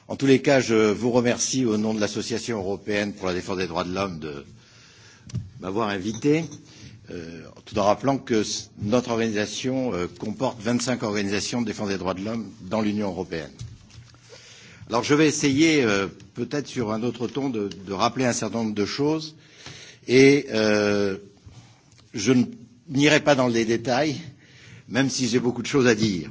En tous les cas, je vous remercie au nom de l'Association européenne pour la défense des droits de l'homme de m'avoir invité, tout en rappelant que notre organisation comporte vingt cinq organisations de défense des droits de l'homme dans l'Union européenne. Alors je vais essayer, peut-être sur un autre ton, de, rappeler un certain nombre de choses. Et je n'irai pas dans les détails, même si j'ai beaucoup de choses à dire.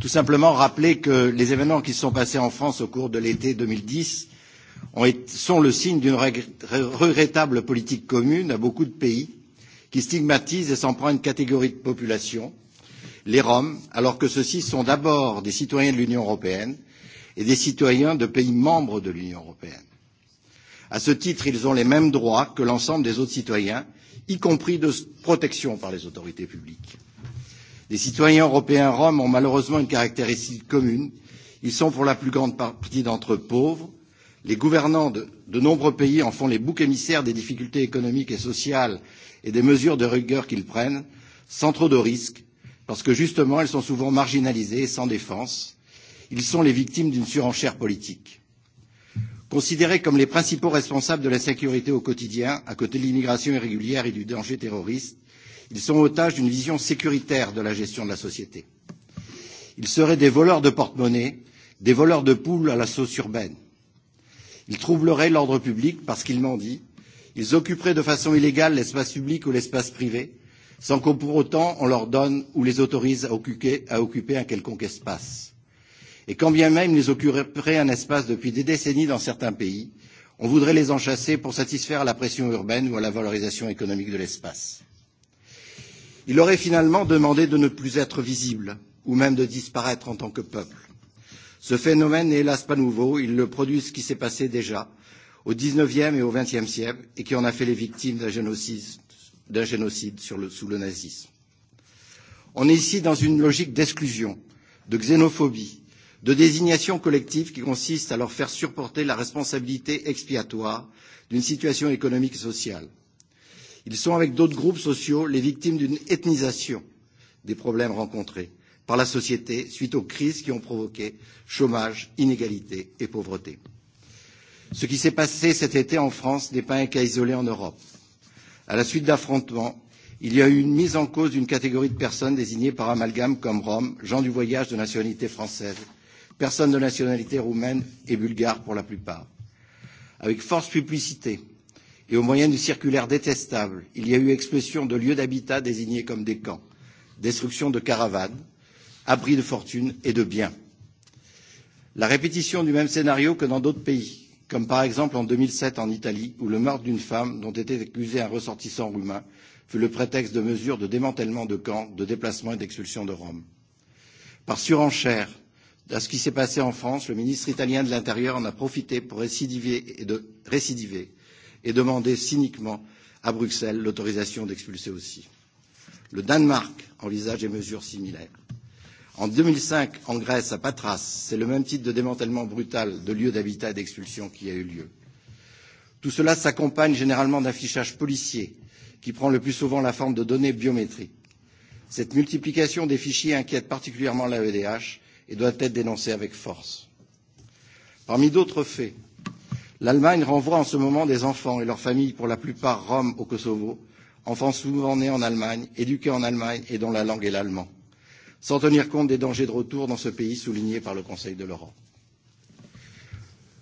Tout simplement rappeler que les événements qui se sont passés en France au cours de l'été deux mille dix sont le signe d'une regrettable politique commune à beaucoup de pays qui stigmatise et s'en prend à une catégorie de population, les Roms, alors que ceux-ci sont d'abord des citoyens de l'Union européenne et des citoyens de pays membres de l'Union européenne. À ce titre, ils ont les mêmes droits que l'ensemble des autres citoyens, y compris de protection par les autorités publiques. Les citoyens européens roms ont malheureusement une caractéristique commune. Ils sont pour la plus grande partie d'entre eux pauvres, Les gouvernants de, de nombreux pays en font les boucs émissaires des difficultés économiques et sociales et des mesures de rigueur qu'ils prennent, sans trop de risques, parce que justement elles sont souvent marginalisées et sans défense. Ils sont les victimes d'une surenchère politique. Considérés comme les principaux responsables de la sécurité au quotidien, à côté de l'immigration irrégulière et du danger terroriste, ils sont otages d'une vision sécuritaire de la gestion de la société. Ils seraient des voleurs de porte-monnaie, des voleurs de poules à la sauce urbaine. Ils troubleraient l'ordre public parce qu'ils mendient. Ils occuperaient de façon illégale l'espace public ou l'espace privé, sans que pour autant on leur donne ou les autorise à occuper, à occuper un quelconque espace. Et quand bien même ils occuperaient un espace depuis des décennies dans certains pays, on voudrait les enchasser pour satisfaire à la pression urbaine ou à la valorisation économique de l'espace. Il aurait finalement demandé de ne plus être visible, ou même de disparaître en tant que peuple. Ce phénomène n'est hélas pas nouveau, il le produit ce qui s'est passé déjà au XIXe et au XXe siècle et qui en a fait les victimes d'un génocide, sous le nazisme. On est ici dans une logique d'exclusion, de xénophobie, de désignation collective qui consiste à leur faire supporter la responsabilité expiatoire d'une situation économique et sociale. Ils sont, avec d'autres groupes sociaux, les victimes d'une ethnisation des problèmes rencontrés par la société suite aux crises qui ont provoqué chômage, inégalités et pauvreté. Ce qui s'est passé cet été en France n'est pas un cas isolé en Europe. À la suite d'affrontements, il y a eu une mise en cause d'une catégorie de personnes désignées par amalgame comme Roms, gens du voyage de nationalité française, personnes de nationalité roumaine et bulgare pour la plupart. Avec force publicité et au moyen du circulaire détestable, il y a eu expulsion de lieux d'habitat désignés comme des camps, destruction de caravanes, abri de fortune et de biens. La répétition du même scénario que dans d'autres pays, comme par exemple en deux mille sept en Italie, où le meurtre d'une femme dont était accusé un ressortissant roumain fut le prétexte de mesures de démantèlement de camps, de déplacement et d'expulsion de Rome. Par surenchère à ce qui s'est passé en France, le ministre italien de l'Intérieur en a profité pour récidiver et, de, récidiver et demander cyniquement à Bruxelles l'autorisation d'expulser aussi. Le Danemark envisage des mesures similaires. En 2005, en Grèce, à Patras, c'est le même type de démantèlement brutal de lieux d'habitat et d'expulsion qui a eu lieu. Tout cela s'accompagne généralement d'affichage policier qui prend le plus souvent la forme de données biométriques. Cette multiplication des fichiers inquiète particulièrement l'AEDH et doit être dénoncée avec force. Parmi d'autres faits, l'Allemagne renvoie en ce moment des enfants et leurs familles, pour la plupart roms, au Kosovo, enfants souvent nés en Allemagne, éduqués en Allemagne et dont la langue est l'allemand sans tenir compte des dangers de retour dans ce pays soulignés par le Conseil de l'Europe.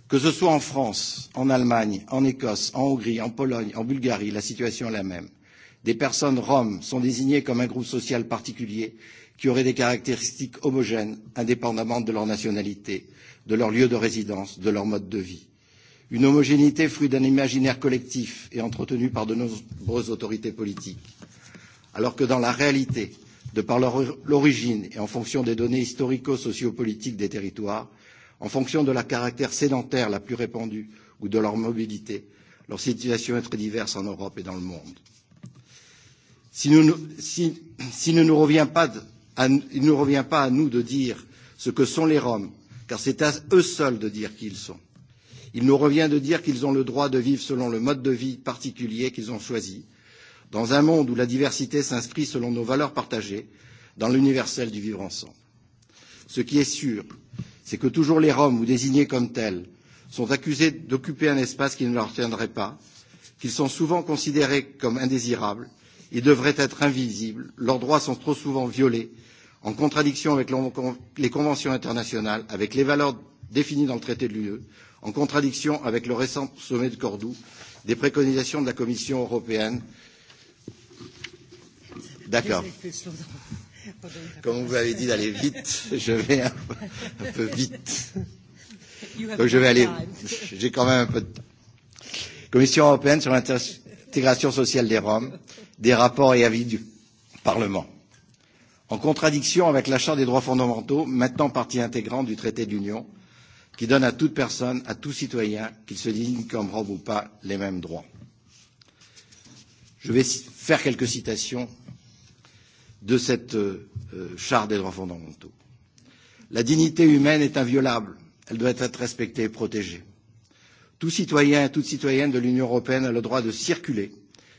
Que ce soit en France, en Allemagne, en Écosse, en Hongrie, en Pologne, en Bulgarie, la situation est la même. Des personnes roms sont désignées comme un groupe social particulier qui aurait des caractéristiques homogènes, indépendamment de leur nationalité, de leur lieu de résidence, de leur mode de vie. Une homogénéité fruit d'un imaginaire collectif et entretenue par de nombreuses autorités politiques. Alors que dans la réalité, de par l'origine et en fonction des données historico-sociopolitiques des territoires, en fonction de leur caractère sédentaire la plus répandue ou de leur mobilité, leur situation est très diverse en Europe et dans le monde. S'il ne nous revient pas à nous de dire ce que sont les Roms, car c'est à eux seuls de dire qui ils sont, il nous revient de dire qu'ils ont le droit de vivre selon le mode de vie particulier qu'ils ont choisi, dans un monde où la diversité s'inscrit selon nos valeurs partagées, dans l'universel du vivre ensemble. Ce qui est sûr, c'est que toujours les Roms, ou désignés comme tels, sont accusés d'occuper un espace qui ne leur tiendrait pas, qu'ils sont souvent considérés comme indésirables, ils devraient être invisibles, leurs droits sont trop souvent violés, en contradiction avec les conventions internationales, avec les valeurs définies dans le traité de l'UE, en contradiction avec le récent sommet de Cordoue, des préconisations de la Commission européenne D'accord. Comme vous avez dit d'aller vite, je vais un peu, un peu vite. Donc je vais aller. J'ai quand même un peu de temps. Commission européenne sur l'intégration sociale des Roms, des rapports et avis du Parlement. En contradiction avec la Charte des droits fondamentaux, maintenant partie intégrante du traité de l'Union, qui donne à toute personne, à tout citoyen, qu'il se désigne comme Rome ou pas, les mêmes droits. Je vais faire quelques citations de cette charte des droits fondamentaux. La dignité humaine est inviolable, elle doit être respectée et protégée. Tout citoyen et toute citoyenne de l'Union européenne a le droit de circuler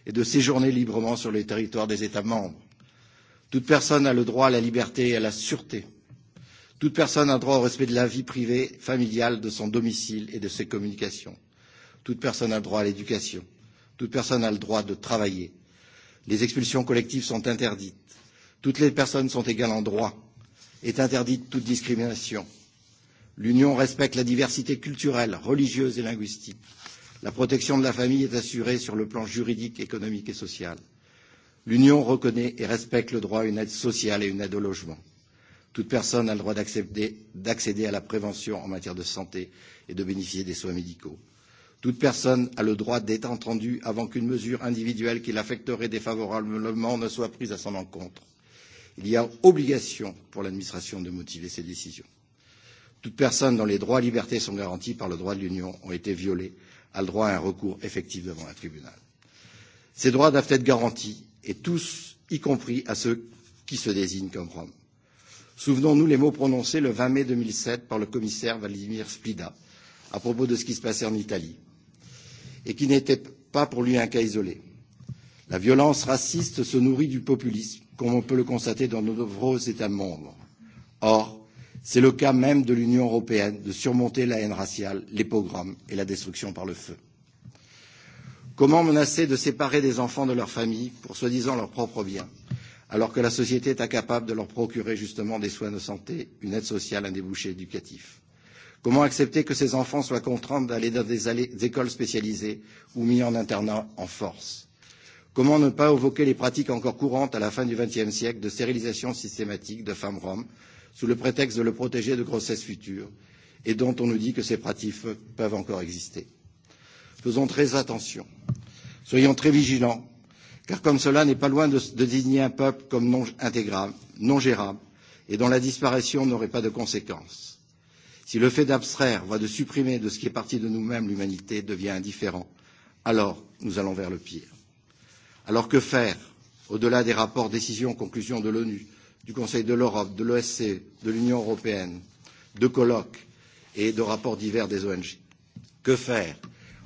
et de séjourner librement sur les territoires des États membres. Toute personne a le droit à la liberté et à la sûreté. Toute personne a droit au respect de la vie privée, familiale, de son domicile et de ses communications. Toute personne a le droit à l'éducation. Toute personne a le droit de travailler. Les expulsions collectives sont interdites. Toutes les personnes sont égales en droit. Est interdite toute discrimination. L'Union respecte la diversité culturelle, religieuse et linguistique. La protection de la famille est assurée sur le plan juridique, économique et social. L'Union reconnaît et respecte le droit à une aide sociale et une aide au logement. Toute personne a le droit d'accéder à la prévention en matière de santé et de bénéficier des soins médicaux. Toute personne a le droit d'être entendue avant qu'une mesure individuelle qui l'affecterait défavorablement ne soit prise à son encontre. Il y a obligation pour l'administration de motiver ses décisions. Toute personne dont les droits et libertés sont garantis par le droit de l'Union ont été violées a le droit à un recours effectif devant un tribunal. Ces droits doivent être garantis, et tous, y compris à ceux qui se désignent comme Roms. Souvenons-nous les mots prononcés le 20 mai 2007 par le commissaire Vladimir Splida à propos de ce qui se passait en Italie, et qui n'était pas pour lui un cas isolé. La violence raciste se nourrit du populisme comme on peut le constater dans de nombreux États membres. Or, c'est le cas même de l'Union européenne de surmonter la haine raciale, les pogroms et la destruction par le feu. Comment menacer de séparer des enfants de leur famille pour soi-disant leur propre bien, alors que la société est incapable de leur procurer justement des soins de santé, une aide sociale, un débouché éducatif Comment accepter que ces enfants soient contraints d'aller dans des écoles spécialisées ou mis en internat en force Comment ne pas évoquer les pratiques encore courantes à la fin du XXe siècle de stérilisation systématique de femmes roms sous le prétexte de le protéger de grossesses futures et dont on nous dit que ces pratiques peuvent encore exister Faisons très attention. Soyons très vigilants, car comme cela n'est pas loin de, de désigner un peuple comme non intégrable, non gérable, et dont la disparition n'aurait pas de conséquences. Si le fait d'abstraire, voire de supprimer de ce qui est parti de nous-mêmes l'humanité devient indifférent, alors nous allons vers le pire. Alors que faire au-delà des rapports, décisions, conclusions de l'ONU, du Conseil de l'Europe, de l'OSCE, de l'Union européenne, de colloques et de rapports divers des ONG Que faire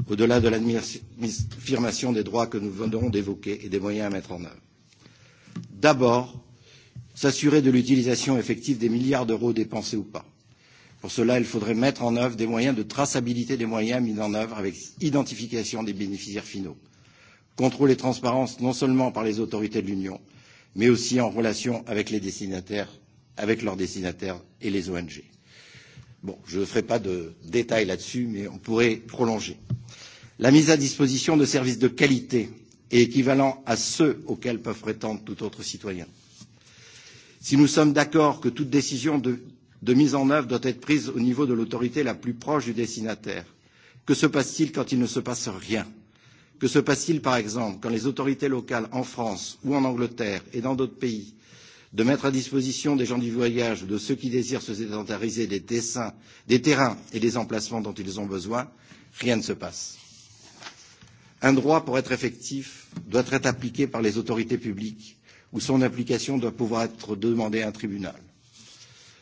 au-delà de l'affirmation des droits que nous venons d'évoquer et des moyens à mettre en œuvre D'abord, s'assurer de l'utilisation effective des milliards d'euros dépensés ou pas. Pour cela, il faudrait mettre en œuvre des moyens de traçabilité des moyens mis en œuvre avec identification des bénéficiaires finaux contrôle et transparence non seulement par les autorités de l'Union, mais aussi en relation avec les destinataires, avec leurs destinataires et les ONG. Bon, je ne ferai pas de détails là-dessus, mais on pourrait prolonger. La mise à disposition de services de qualité et équivalents à ceux auxquels peuvent prétendre tout autre citoyen. Si nous sommes d'accord que toute décision de, de mise en œuvre doit être prise au niveau de l'autorité la plus proche du destinataire, que se passe-t-il quand il ne se passe rien Que se passe-t-il, par exemple, quand les autorités locales en France ou en Angleterre et dans d'autres pays de mettre à disposition des gens du voyage ou de ceux qui désirent se sédentariser des, dessins, des terrains et des emplacements dont ils ont besoin, rien ne se passe. Un droit, pour être effectif, doit être appliqué par les autorités publiques, ou son application doit pouvoir être demandée à un tribunal.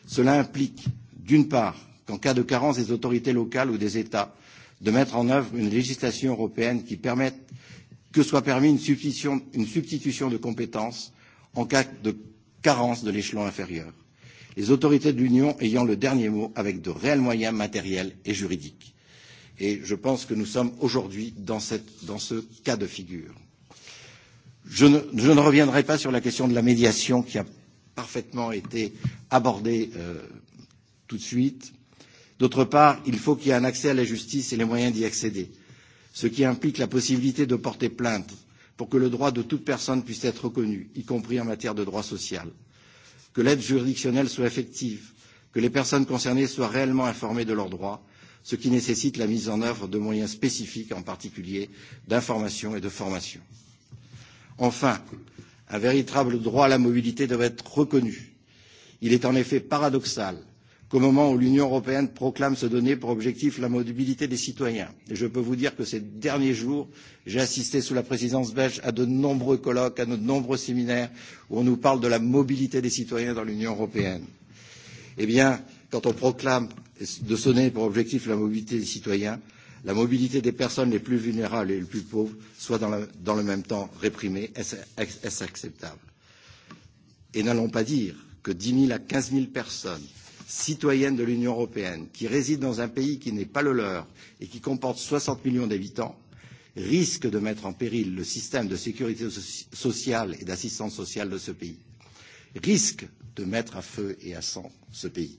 Cela implique, d'une part, qu'en cas de carence des autorités locales ou des États, de mettre en œuvre une législation européenne qui permette que soit permis une substitution, une substitution de compétences en cas de carence de l'échelon inférieur, les autorités de l'Union ayant le dernier mot avec de réels moyens matériels et juridiques. Et je pense que nous sommes aujourd'hui dans, dans ce cas de figure. Je ne, je ne reviendrai pas sur la question de la médiation qui a parfaitement été abordée euh, tout de suite. Euh, D'autre part, il faut qu'il y ait un accès à la justice et les moyens d'y accéder, ce qui implique la possibilité de porter plainte pour que le droit de toute personne puisse être reconnu, y compris en matière de droit social, que l'aide juridictionnelle soit effective, que les personnes concernées soient réellement informées de leurs droits, ce qui nécessite la mise en œuvre de moyens spécifiques, en particulier d'information et de formation. Enfin, un véritable droit à la mobilité doit être reconnu. Il est en effet paradoxal qu'au moment où l'Union européenne proclame se donner pour objectif la mobilité des citoyens. Et je peux vous dire que ces derniers jours, j'ai assisté sous la présidence belge à de nombreux colloques, à de nombreux séminaires où on nous parle de la mobilité des citoyens dans l'Union européenne. Eh bien, quand on proclame de sonner pour objectif la mobilité des citoyens, la mobilité des personnes les plus vulnérables et les plus pauvres soit dans, le même temps réprimée. Est-ce acceptable Et n'allons pas dire que dix 000 à quinze 000 personnes citoyenne de l'Union européenne qui réside dans un pays qui n'est pas le leur et qui comporte soixante millions d'habitants risque de mettre en péril le système de sécurité sociale et d'assistance sociale de ce pays, risque de mettre à feu et à sang ce pays.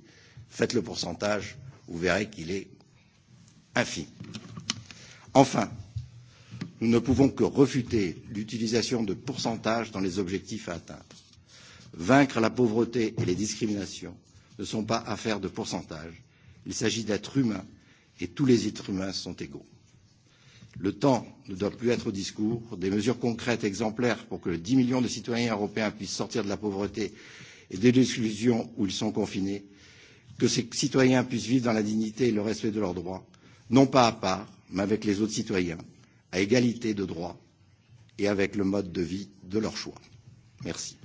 Faites le pourcentage, vous verrez qu'il est infime. Enfin, nous ne pouvons que refuter l'utilisation de pourcentages dans les objectifs à atteindre. Vaincre la pauvreté et les discriminations, ne sont pas affaires de pourcentage. Il s'agit d'êtres humains et tous les êtres humains sont égaux. Le temps ne doit plus être au discours. Des mesures concrètes, exemplaires, pour que les dix millions de citoyens européens puissent sortir de la pauvreté et de l'exclusion où ils sont confinés, que ces citoyens puissent vivre dans la dignité et le respect de leurs droits, non pas à part, mais avec les autres citoyens, à égalité de droits et avec le mode de vie de leur choix. Merci.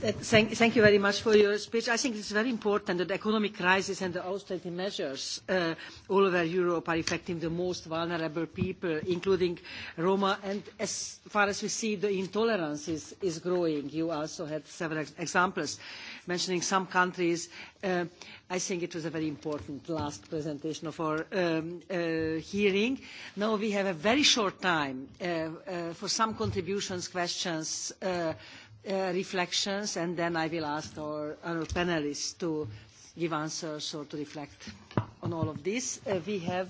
Thank you very much for your speech. I think it's very important that the economic crisis and the austerity measures all over Europe are affecting the most vulnerable people, including Roma. And as far as we see, the intolerance is growing. You also had several examples mentioning some countries. I think it was a very important last presentation of our hearing. Now we have a very short time for some contributions, questions, reflections, and then I will ask our panellists to give answers or to reflect on all of this. We have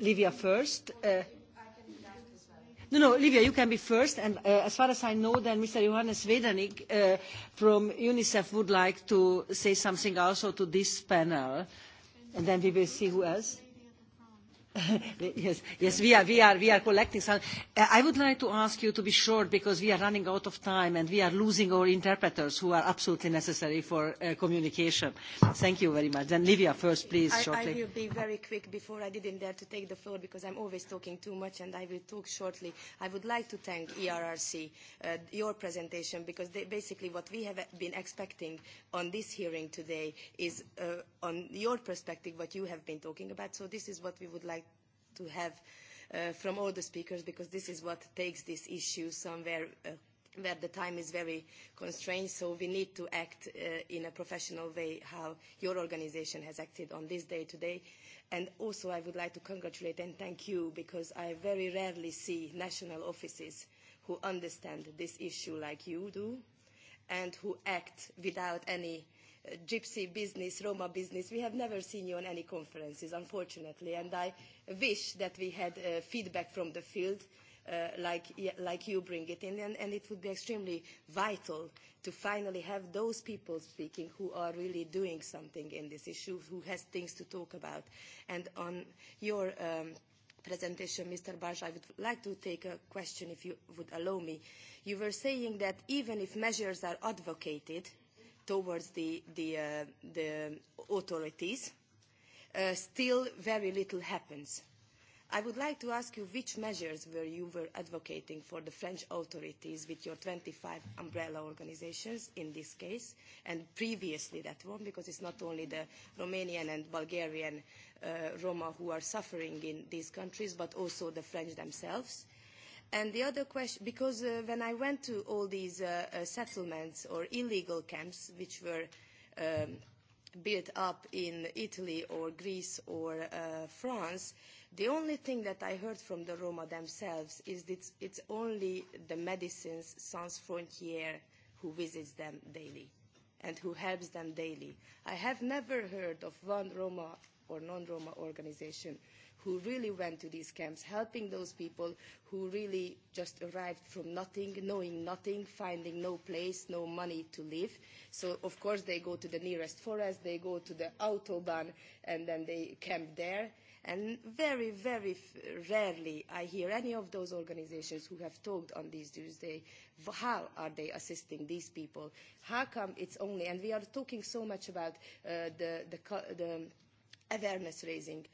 Livia first. No, no, Livia, you can be first. And as far as I know, then Mr. Johannes Vedanik from UNICEF would like to say something also to this panel, and then we will see who else. Yes, yes, we are, we are, we are collecting some. I would like to ask you to be short because we are running out of time and we are losing our interpreters who are absolutely necessary for uh, communication. Thank you very much. Then Livia first, please, shortly. I, I will be very quick before I didn't dare to take the floor because I'm always talking too much and I will talk shortly. I would like to thank ERRC, uh, your presentation, because they, basically what we have been expecting on this hearing today is uh, on your perspective what you have been talking about. So this is what we would like to have uh, from all the speakers because this is what takes this issue somewhere uh, where the time is very constrained, so we need to act uh, in a professional way how your organization has acted on this day today. And also I would like to congratulate and thank you because I very rarely see national offices who understand this issue like you do and who act without any gypsy business, Roma business. We have never seen you on any conferences, unfortunately, and I wish that we had uh, feedback from the field uh, like, like you bring it in, and, and it would be extremely vital to finally have those people speaking who are really doing something in this issue, who has things to talk about. And on your um, presentation, Mr. Barge, I would like to take a question, if you would allow me. You were saying that even if measures are advocated – towards the, the, uh, the authorities, uh, still very little happens. I would like to ask you which measures were you were advocating for the French authorities with your 25 umbrella organizations in this case, and previously that one, because it's not only the Romanian and Bulgarian uh, Roma who are suffering in these countries, but also the French themselves And the other question, because uh, when I went to all these uh, uh, settlements or illegal camps, which were um, built up in Italy or Greece or uh, France, the only thing that I heard from the Roma themselves is that it's, it's only the Medicines Sans frontier who visits them daily and who helps them daily. I have never heard of one Roma or non-Roma organization who really went to these camps, helping those people who really just arrived from nothing, knowing nothing, finding no place, no money to live. So, of course, they go to the nearest forest, they go to the autobahn, and then they camp there. And very, very rarely I hear any of those organizations who have talked on these Tuesday, how are they assisting these people? How come it's only, and we are talking so much about uh, the, the, the awareness raising,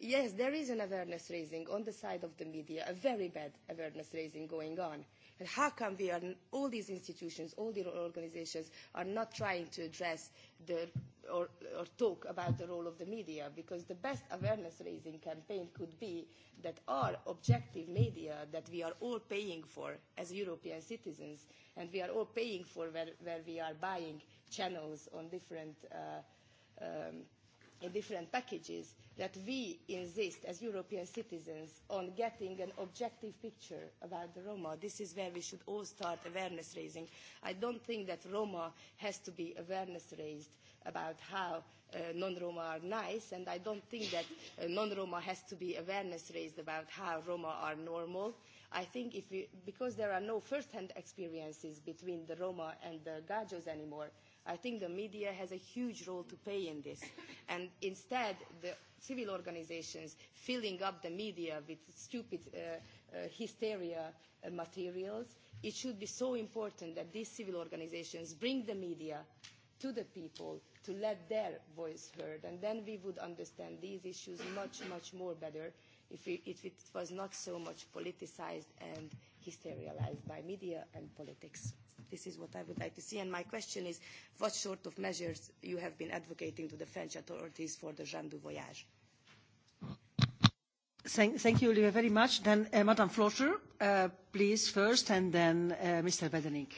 yes, there is an awareness raising on the side of the media, a very bad awareness raising going on. And how come we are, all these institutions, all the organizations are not trying to address the, or, or talk about the role of the media? Because the best awareness raising campaign could be that our objective media that we are all paying for as European citizens, and we are all paying for where, where we are buying channels on different, uh, um, in different packages, that we insist as European citizens on getting an objective picture about the Roma. This is where we should all start awareness raising. I don't think that Roma has to be awareness raised about how non-Roma are nice, and I don't think that non-Roma has to be awareness raised about how Roma are normal. I think if we, because there are no first-hand experiences between the Roma and the Gajos anymore, I think the media has a huge role to play in this. And instead, the civil organizations filling up the media with stupid uh, uh, hysteria uh, materials. It should be so important that these civil organizations bring the media to the people to let their voice heard. And then we would understand these issues much, much more better if it, if it was not so much politicized and hysterialized by media and politics. This is what I would like to see. And my question is, what sort of measures you have been advocating to the French authorities for the Jean du Voyage? Thank, thank you, Olivia, very much. Then uh, Madame Flotter, uh, please, first, and then uh, Mr. Bedenink.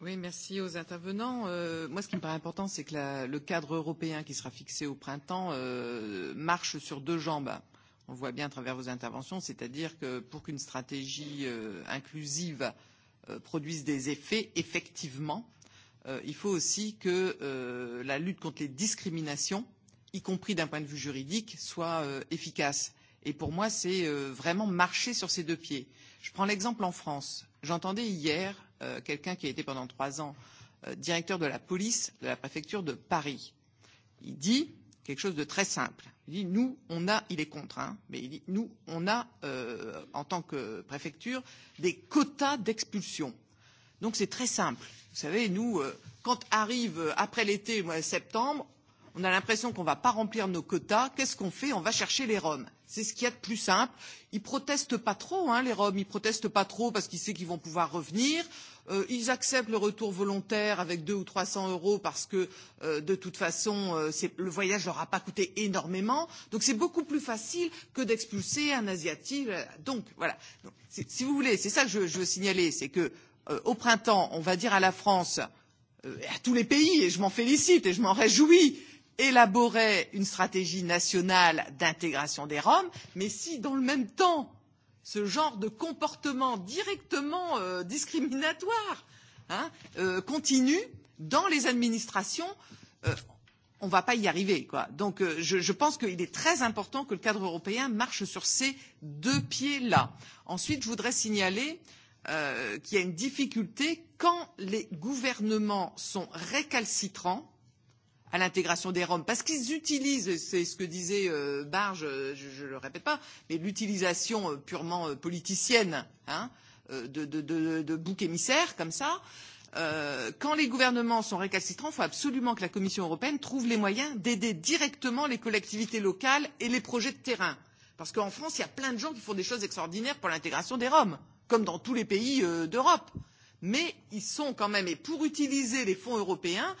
Oui, merci aux intervenants. Euh, moi, ce qui me paraît important, c'est que la, le cadre européen qui sera fixé au printemps euh, marche sur deux jambes. On voit bien à travers vos interventions, c'est-à-dire que pour qu'une stratégie euh, inclusive euh, produise des effets effectivement, il faut aussi que la lutte contre les discriminations, y compris d'un point de vue juridique, soit efficace. Et pour moi, c'est vraiment marcher sur ses deux pieds. Je prends l'exemple en France. J'entendais hier quelqu'un qui a été pendant trois ans directeur de la police de la préfecture de Paris. Il dit quelque chose de très simple. Il dit nous, on a, il est contre, hein, mais il dit nous, on a, euh, en tant que préfecture, des quotas d'expulsion. Donc c'est très simple. Vous savez, nous, euh, quand arrive après l'été, mois de septembre, on a l'impression qu'on ne va pas remplir nos quotas. Qu'est-ce qu'on fait On va chercher les Roms. C'est ce qu'il y a de plus simple. Ils ne protestent pas trop, hein, les Roms. Ils ne protestent pas trop parce qu'ils savent qu'ils vont pouvoir revenir. Euh, euh, ils acceptent le retour volontaire avec deux ou trois cents euros parce que euh, de toute façon euh, le voyage leur a pas coûté énormément. Donc c'est beaucoup plus facile que d'expulser un asiatique. Donc voilà. Donc, si vous voulez, c'est ça que je, je veux signaler, c'est que euh, au printemps, on va dire à la France, euh, à tous les pays, et je m'en félicite et je m'en réjouis, élaborer une stratégie nationale d'intégration des Roms, mais si dans le même temps ce genre de comportement directement euh, discriminatoire hein, euh, continue dans les administrations, euh, on ne va pas y arriver. Quoi. Donc euh, je, je pense qu'il est très important que le cadre européen marche sur ces deux pieds-là. Ensuite, je voudrais signaler euh, qu'il y a une difficulté quand les gouvernements sont récalcitrants à l'intégration des Roms, parce qu'ils utilisent, c'est ce que disait euh, Barge, je ne le répète pas, mais l'utilisation purement politicienne hein, de, de, de, de bouc émissaire comme ça. Euh, quand les gouvernements sont récalcitrants, il faut absolument que la Commission européenne trouve les moyens d'aider directement les collectivités locales et les projets de terrain. Parce qu'en France, il y a plein de gens qui font des choses extraordinaires pour l'intégration des Roms, comme dans tous les pays euh, d'Europe mais ils sont quand même et pour utiliser les fonds européens,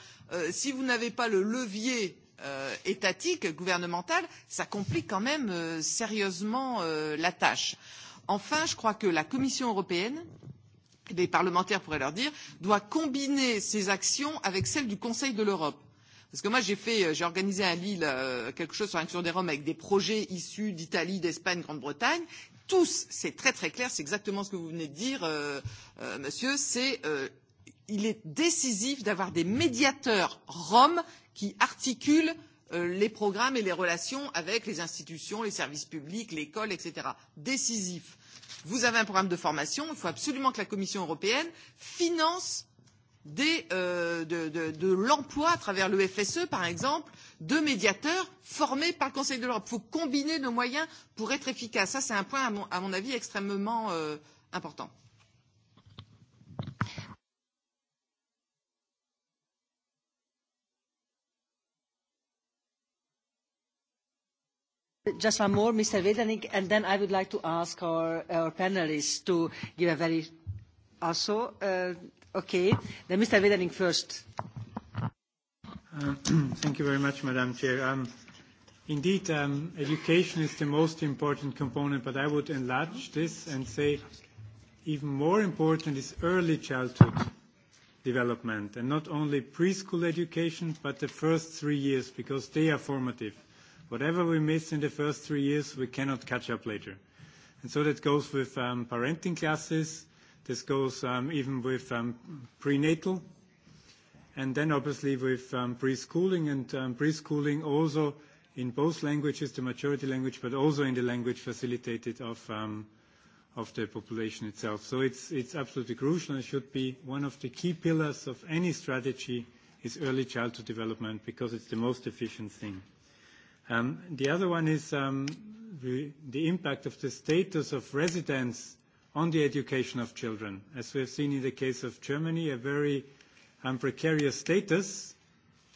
si vous n'avez pas le levier étatique, gouvernemental, ça complique quand même sérieusement la tâche. Enfin, je crois que la Commission européenne les parlementaires pourraient leur dire doit combiner ses actions avec celles du Conseil de l'Europe. Parce que moi, j'ai fait, j'ai organisé à Lille quelque chose sur l'action des Roms avec des projets issus d'Italie, d'Espagne, Grande-Bretagne, tous, c'est très très clair, c'est exactement ce que vous venez de dire, euh, euh, monsieur, c'est euh, il est décisif d'avoir des médiateurs roms qui articulent les programmes et les relations avec les institutions, les services publics, l'école, etc. Décisif. Vous avez un programme de formation, il faut absolument que la Commission européenne finance des, euh, de, de, de l'emploi à travers le FSE, par exemple, de médiateurs formés par le Conseil de l'Europe. Il faut combiner nos moyens pour être efficace. Ça, c'est un point, à mon, à mon avis, extrêmement euh, important. Just one more, Mr. Vedanik, and then I would like to ask our, our panelists to give a very also uh, Okay. Mr. Wederling first. Thank you very much, Madam Chair. Indeed, education is the most important component, but I would enlarge this and say even more important is early childhood development, and not only preschool education, but the first three years, because they are formative. Whatever we miss in the first three years, we cannot catch up later. And so that goes with parenting classes, This goes even with prenatal and then obviously with preschooling and preschooling also in both languages, the majority language, but also in the language facilitated of um of the population itself. So it's it's absolutely crucial and should be one of the key pillars of any strategy is early childhood development because it's the most efficient thing. Um The other one is um the impact of the status of residence on the education of children. As we have seen in the case of Germany, a very um, precarious status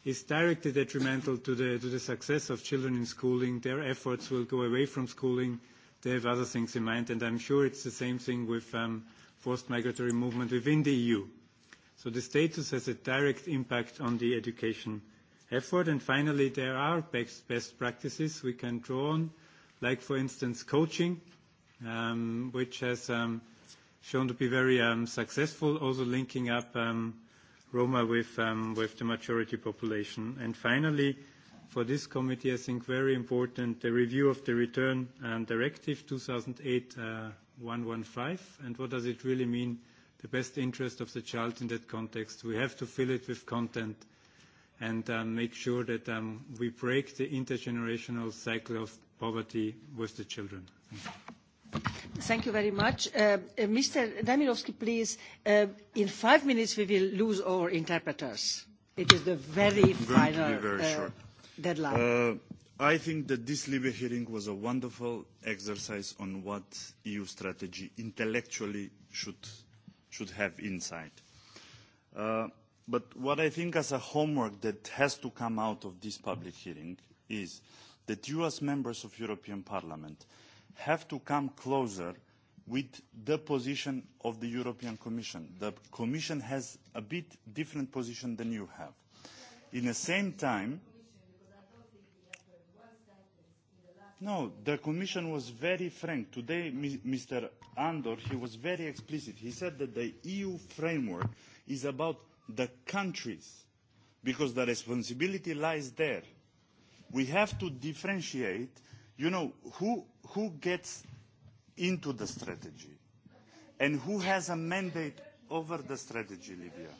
is directly detrimental to the, to the success of children in schooling. Their efforts will go away from schooling. They have other things in mind, and I'm sure it's the same thing with um, forced migratory movement within the EU. So the status has a direct impact on the education effort. And finally, there are best, best practices we can draw on, like, for instance, coaching – um, which has um, shown to be very um, successful, also linking up um, Roma with, um, with the majority population. And finally, for this committee, I think very important, the review of the Return um, Directive 2008-115, and what does it really mean, the best interest of the child in that context. We have to fill it with content and um, make sure that um, we break the intergenerational cycle of poverty with the children. Thank you. Thank you very much. Mr. Damirovsky, please, in five minutes we will lose our interpreters. It is the very final deadline. I think that this Libe hearing was a wonderful exercise on what EU strategy intellectually should, should have inside. but what I think as a homework that has to come out of this public hearing is that you as members of European Parliament – have to come closer with the position of the European Commission. The Commission has a bit different position than you have. In the same time, No, the Commission was very frank. Today, Mr. Andor, he was very explicit. He said that the EU framework is about the countries, because the responsibility lies there. We have to differentiate you know, who, who gets into the strategy and who has a mandate over the strategy, Libya?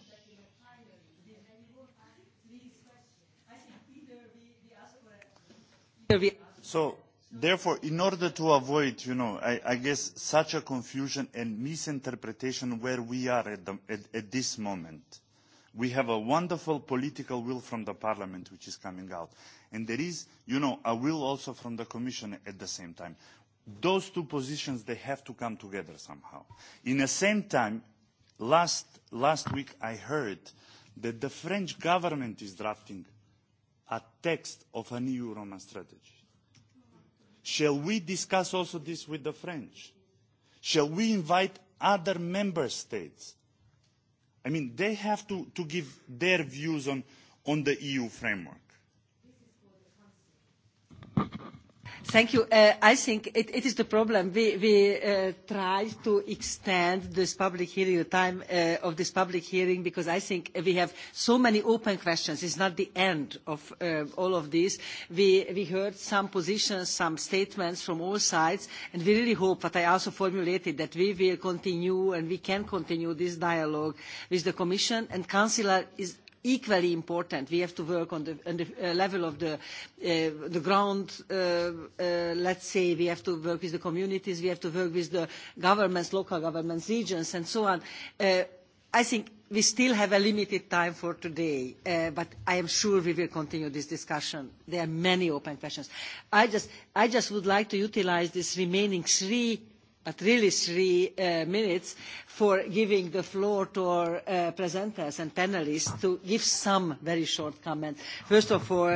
So, therefore, in order to avoid, you know, I, I guess such a confusion and misinterpretation where we are at, the, at, at this moment, we have a wonderful political will from the parliament which is coming out. And there is, you know, a will also from the commission at the same time. Those two positions, they have to come together somehow. In the same time, last, last week I heard that the French government is drafting a text of an EU Roma strategy. Shall we discuss also this with the French? Shall we invite other member states I mean, they have to, to give their views on, on the EU framework. Thank you. Uh, I think it, it is the problem. We, we uh, try to extend this public hearing, the time uh, of this public hearing, because I think we have so many open questions. It's not the end of uh, all of this. We, we heard some positions, some statements from all sides, and we really hope, what I also formulated, that we will continue and we can continue this dialogue with the Commission, and Council is equally important. We have to work on the, on the level of the, the ground, let's say. We have to work with the communities. We have to work with the governments, local governments, regions, and so on. I think we still have a limited time for today, but I am sure we will continue this discussion. There are many open questions. I just would like to utilise these remaining three but really three minutes for giving the floor to our presenters and panellists to give some very short comments. First of all,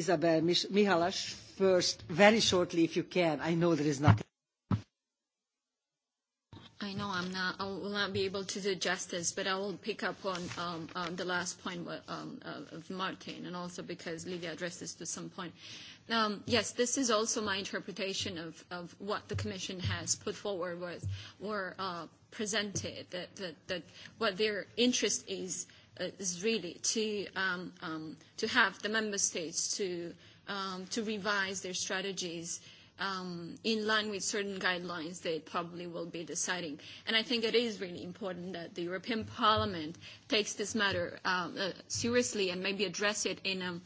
Isabel Mihalas, first, very shortly if you can. I know there is nothing. I know I'm not, I will not be able to do justice, but I will pick up on, um, on the last point um, of Martin, and also because Livia addressed this to some point. Uh, Um, yes, this is also my interpretation of, of what the Commission has put forward with, or uh, presented, that, that, that what their interest is, uh, is really to, um, um, to have the Member States to, um, to revise their strategies um, in line with certain guidelines they probably will be deciding. And I think it is really important that the European Parliament takes this matter uh uh, seriously and maybe address it in a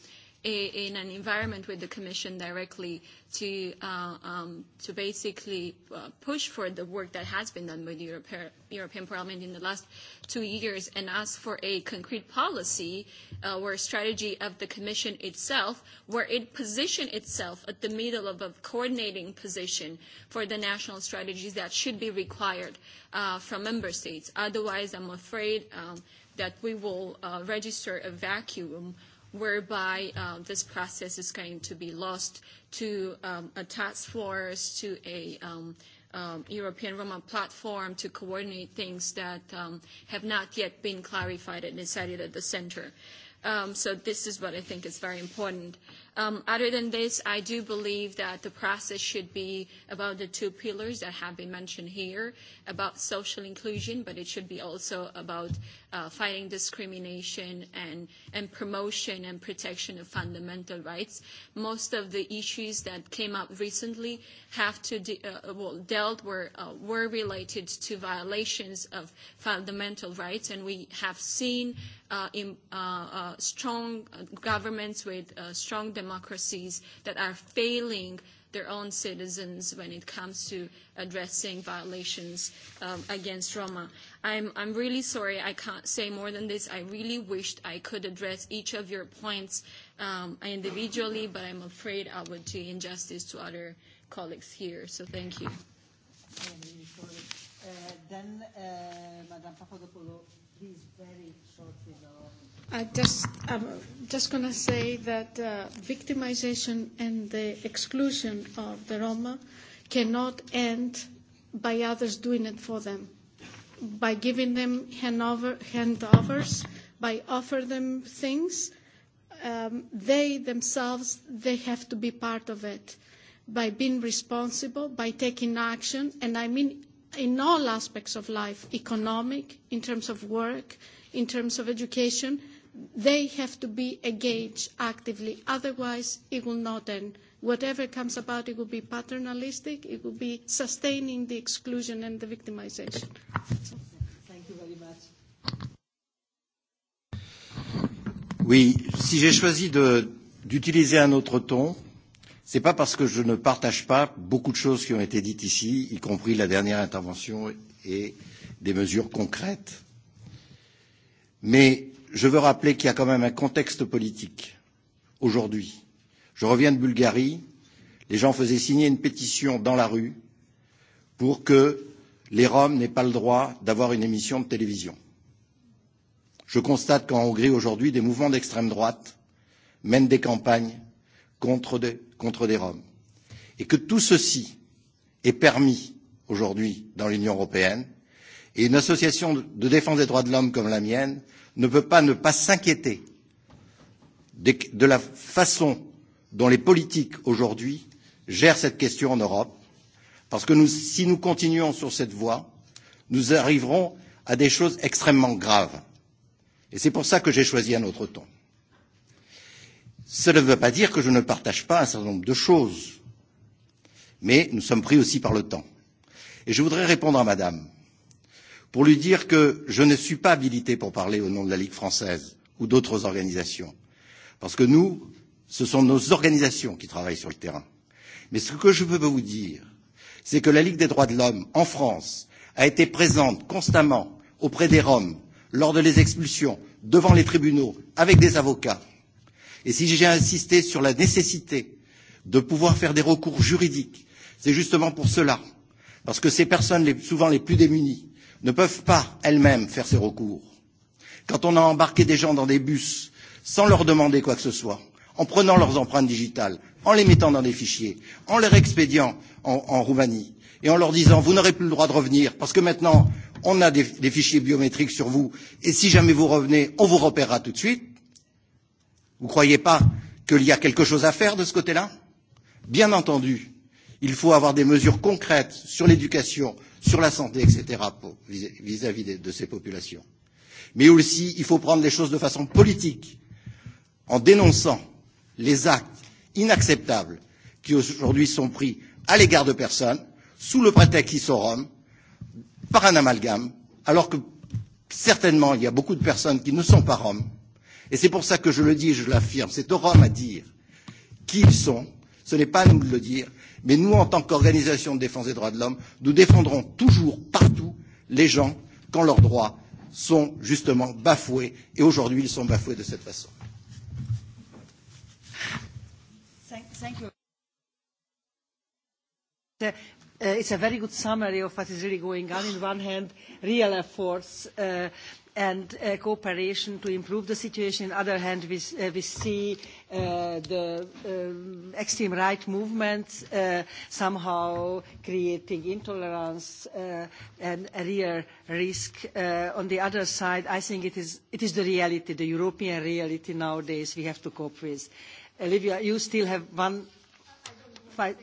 in an environment with the Commission directly to uh, um, to basically uh, push for the work that has been done by the Europe- European Parliament in the last two years and ask for a concrete policy uh, or strategy of the Commission itself, where it position itself at the middle of a coordinating position for the national strategies that should be required uh, from member states. Otherwise, I'm afraid um, that we will uh, register a vacuum whereby um, this process is going to be lost to um, a task force, to a um, um, European Roma platform to coordinate things that um, have not yet been clarified and decided at the center. Um, so this is what I think is very important. Um, other than this, I do believe that the process should be about the two pillars that have been mentioned here, about social inclusion, but it should be also about uh, fighting discrimination and, and promotion and protection of fundamental rights. Most of the issues that came up recently have to de- uh, well, dealt were, uh, were related to violations of fundamental rights, and we have seen uh, in, uh, uh, strong governments with uh, strong democracies that are failing their own citizens when it comes to addressing violations um, against Roma. I'm, I'm really sorry I can't say more than this. I really wished I could address each of your points um, individually, but I'm afraid I would do injustice to other colleagues here. So thank you. Uh, then, uh, Papadopoulou, please, very shortly, though. I just, I'm just going to say that uh, victimization and the exclusion of the Roma cannot end by others doing it for them, by giving them handover, handovers, by offering them things. Um, they themselves, they have to be part of it by being responsible, by taking action, and I mean in all aspects of life, economic, in terms of work, in terms of education – They have to be engaged actively. Otherwise, it will not end. Whatever comes about, it will be paternalistic. It will be sustaining the exclusion and the victimization. Oui, si j'ai choisi d'utiliser un autre ton, ce n'est pas parce que je ne partage pas beaucoup de choses qui ont été dites ici, y compris la dernière intervention et des mesures concrètes. Mais Je veux rappeler qu'il y a quand même un contexte politique aujourd'hui. Je reviens de Bulgarie, les gens faisaient signer une pétition dans la rue pour que les Roms n'aient pas le droit d'avoir une émission de télévision. Je constate qu'en Hongrie aujourd'hui, des mouvements d'extrême droite mènent des campagnes contre des, Roms et que tout ceci est permis aujourd'hui dans l'Union européenne Et une association de défense des droits de l'homme comme la mienne ne peut pas ne pas s'inquiéter de la façon dont les politiques aujourd'hui gèrent cette question en Europe, parce que si nous continuons sur cette voie, nous arriverons à des choses extrêmement graves. Et c'est pour cela que j'ai choisi un autre ton. Cela ne veut pas dire que je ne partage pas un certain nombre de choses, mais nous sommes pris aussi par le temps. Et je voudrais répondre à Madame pour lui dire que je ne suis pas habilité pour parler au nom de la Ligue française ou d'autres organisations. Parce que nous, ce sont nos organisations qui travaillent sur le terrain. Mais ce que je peux vous dire, c'est que la Ligue des droits de l'homme en France a été présente constamment auprès des Roms, lors de les expulsions, devant les tribunaux, avec des avocats. Et si j'ai insisté sur la nécessité de pouvoir faire des recours juridiques, c'est justement pour cela, parce que ces personnes, souvent les plus démunies, ne peuvent pas elles-mêmes faire ces recours. Quand on a embarqué des gens dans des bus sans leur demander quoi que ce soit, en prenant leurs empreintes digitales, en les mettant dans des fichiers, en les expédiant en, Roumanie et en leur disant vous n'aurez plus le droit de revenir parce que maintenant on a des, fichiers biométriques sur vous et si jamais vous revenez, on vous repérera tout de suite. Vous ne croyez pas qu'il y a quelque chose à faire de ce côté-là Bien entendu, il faut avoir des mesures concrètes sur l'éducation, sur la santé, etc., vis-à-vis -vis de ces populations. Mais aussi, il faut prendre les choses de façon politique, en dénonçant les actes inacceptables qui aujourd'hui sont pris à l'égard de personnes, sous le prétexte qu'ils sont roms, par un amalgame, alors que certainement il y a beaucoup de personnes qui ne sont pas roms. Et c'est pour ça que je le dis et je l'affirme, c'est aux roms à dire qui ils sont, Ce n'est pas à nous de le dire, mais nous, en tant qu'organisation de défense des droits de l'homme, nous défendrons toujours, partout, les gens quand leurs droits sont justement bafoués, et aujourd'hui ils sont bafoués de cette façon. Thank you. Uh, it's a very good summary of what is really going on. one hand, real efforts uh, and cooperation to improve the situation. On the other hand, we, see the extreme right movement somehow creating intolerance and a real risk. on the other side, I think it is, it is the reality, the European reality nowadays we have to cope with. Olivia, you still have one... five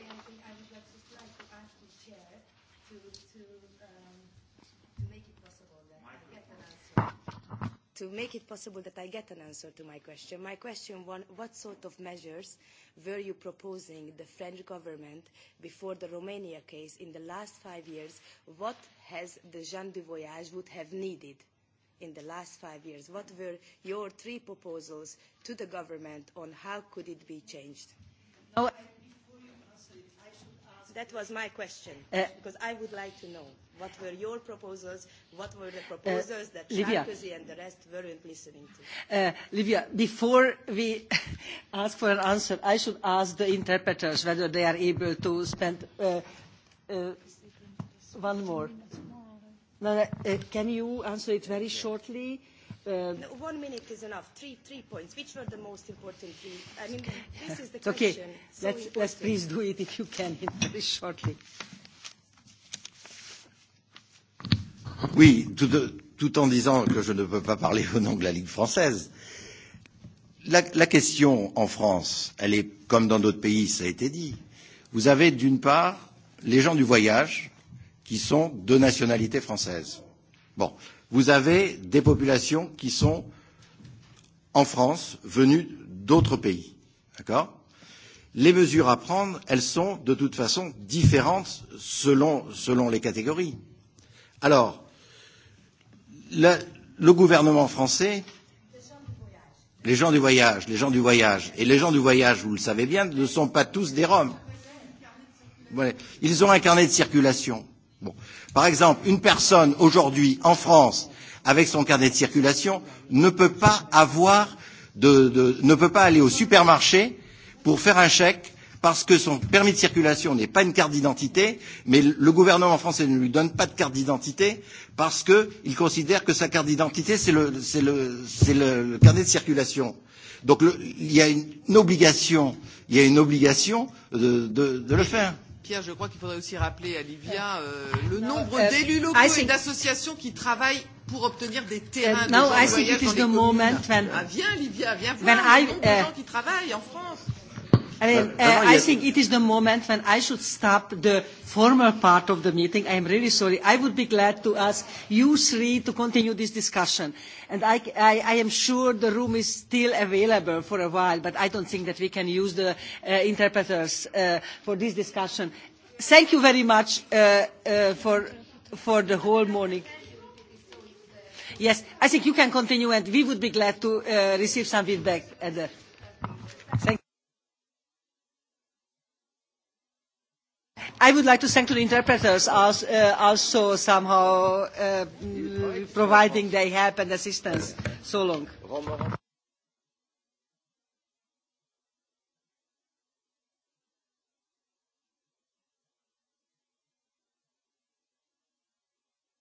to make it possible that I get an answer to my question. My question one, what sort of measures were you proposing the French government before the Romania case in the last five years? What has the Jean du Voyage would have needed in the last five years? What were your three proposals to the government on how could it be changed? that was my question, because I would like to know. What were your proposals? What were the proposals uh, that Livia. Sarkozy and the rest weren't listening to? Uh, Livia, before we ask for an answer, I should ask the interpreters whether they are able to spend uh, uh, one more. No, uh, can you answer it very shortly? Um, no, one minute is enough. Three, three points. Which were the most important three? I mean, this is the question. Okay, So let's, let's please do it if you can, very shortly. Uh, Oui, tout, tout en disant que je ne peux pas parler au nom de la Ligue française. La, la question en France, elle est comme dans d'autres pays, ça a été dit. Vous avez d'une part les gens du voyage qui sont de nationalité française. Bon, vous avez des populations qui sont en France venues d'autres pays. D'accord Les mesures à prendre, elles sont de toute façon différentes selon, selon les catégories. Alors, le, le gouvernement français les gens du voyage, les gens du voyage. Et les gens du voyage, vous le savez bien, ne sont pas tous des Roms. Voilà. Ils ont un carnet de circulation. Bon. Par exemple, une personne aujourd'hui en France avec son carnet de circulation ne peut pas avoir de, de, ne peut pas aller au supermarché pour faire un chèque parce que son permis de circulation n'est pas une carte d'identité, mais le gouvernement français ne lui donne pas de carte d'identité parce qu'il considère que sa carte d'identité, c'est le, le carnet de circulation. Donc il y a une obligation, il y a une obligation de, de, de le faire. Pierre, je crois qu'il faudrait aussi rappeler à Livia euh, le nombre d'élus locaux et d'associations qui travaillent pour obtenir des terrains de voyage dans les communes. Ah, viens, Livia, viens voir le nombre de gens qui travaillent en France. I mean, uh, I think it is the moment when I should stop the formal part of the meeting. I am really sorry. I would be glad to ask you three to continue this discussion. And I, I, I am sure the room is still available for a while, but I don't think that we can use the uh, interpreters uh, for this discussion. Thank you very much uh, uh, for, for the whole morning. Yes, I think you can continue, and we would be glad to uh, receive some feedback. At the, thank I would like to thank to the interpreters also, uh, also somehow uh, providing their help and assistance. So long.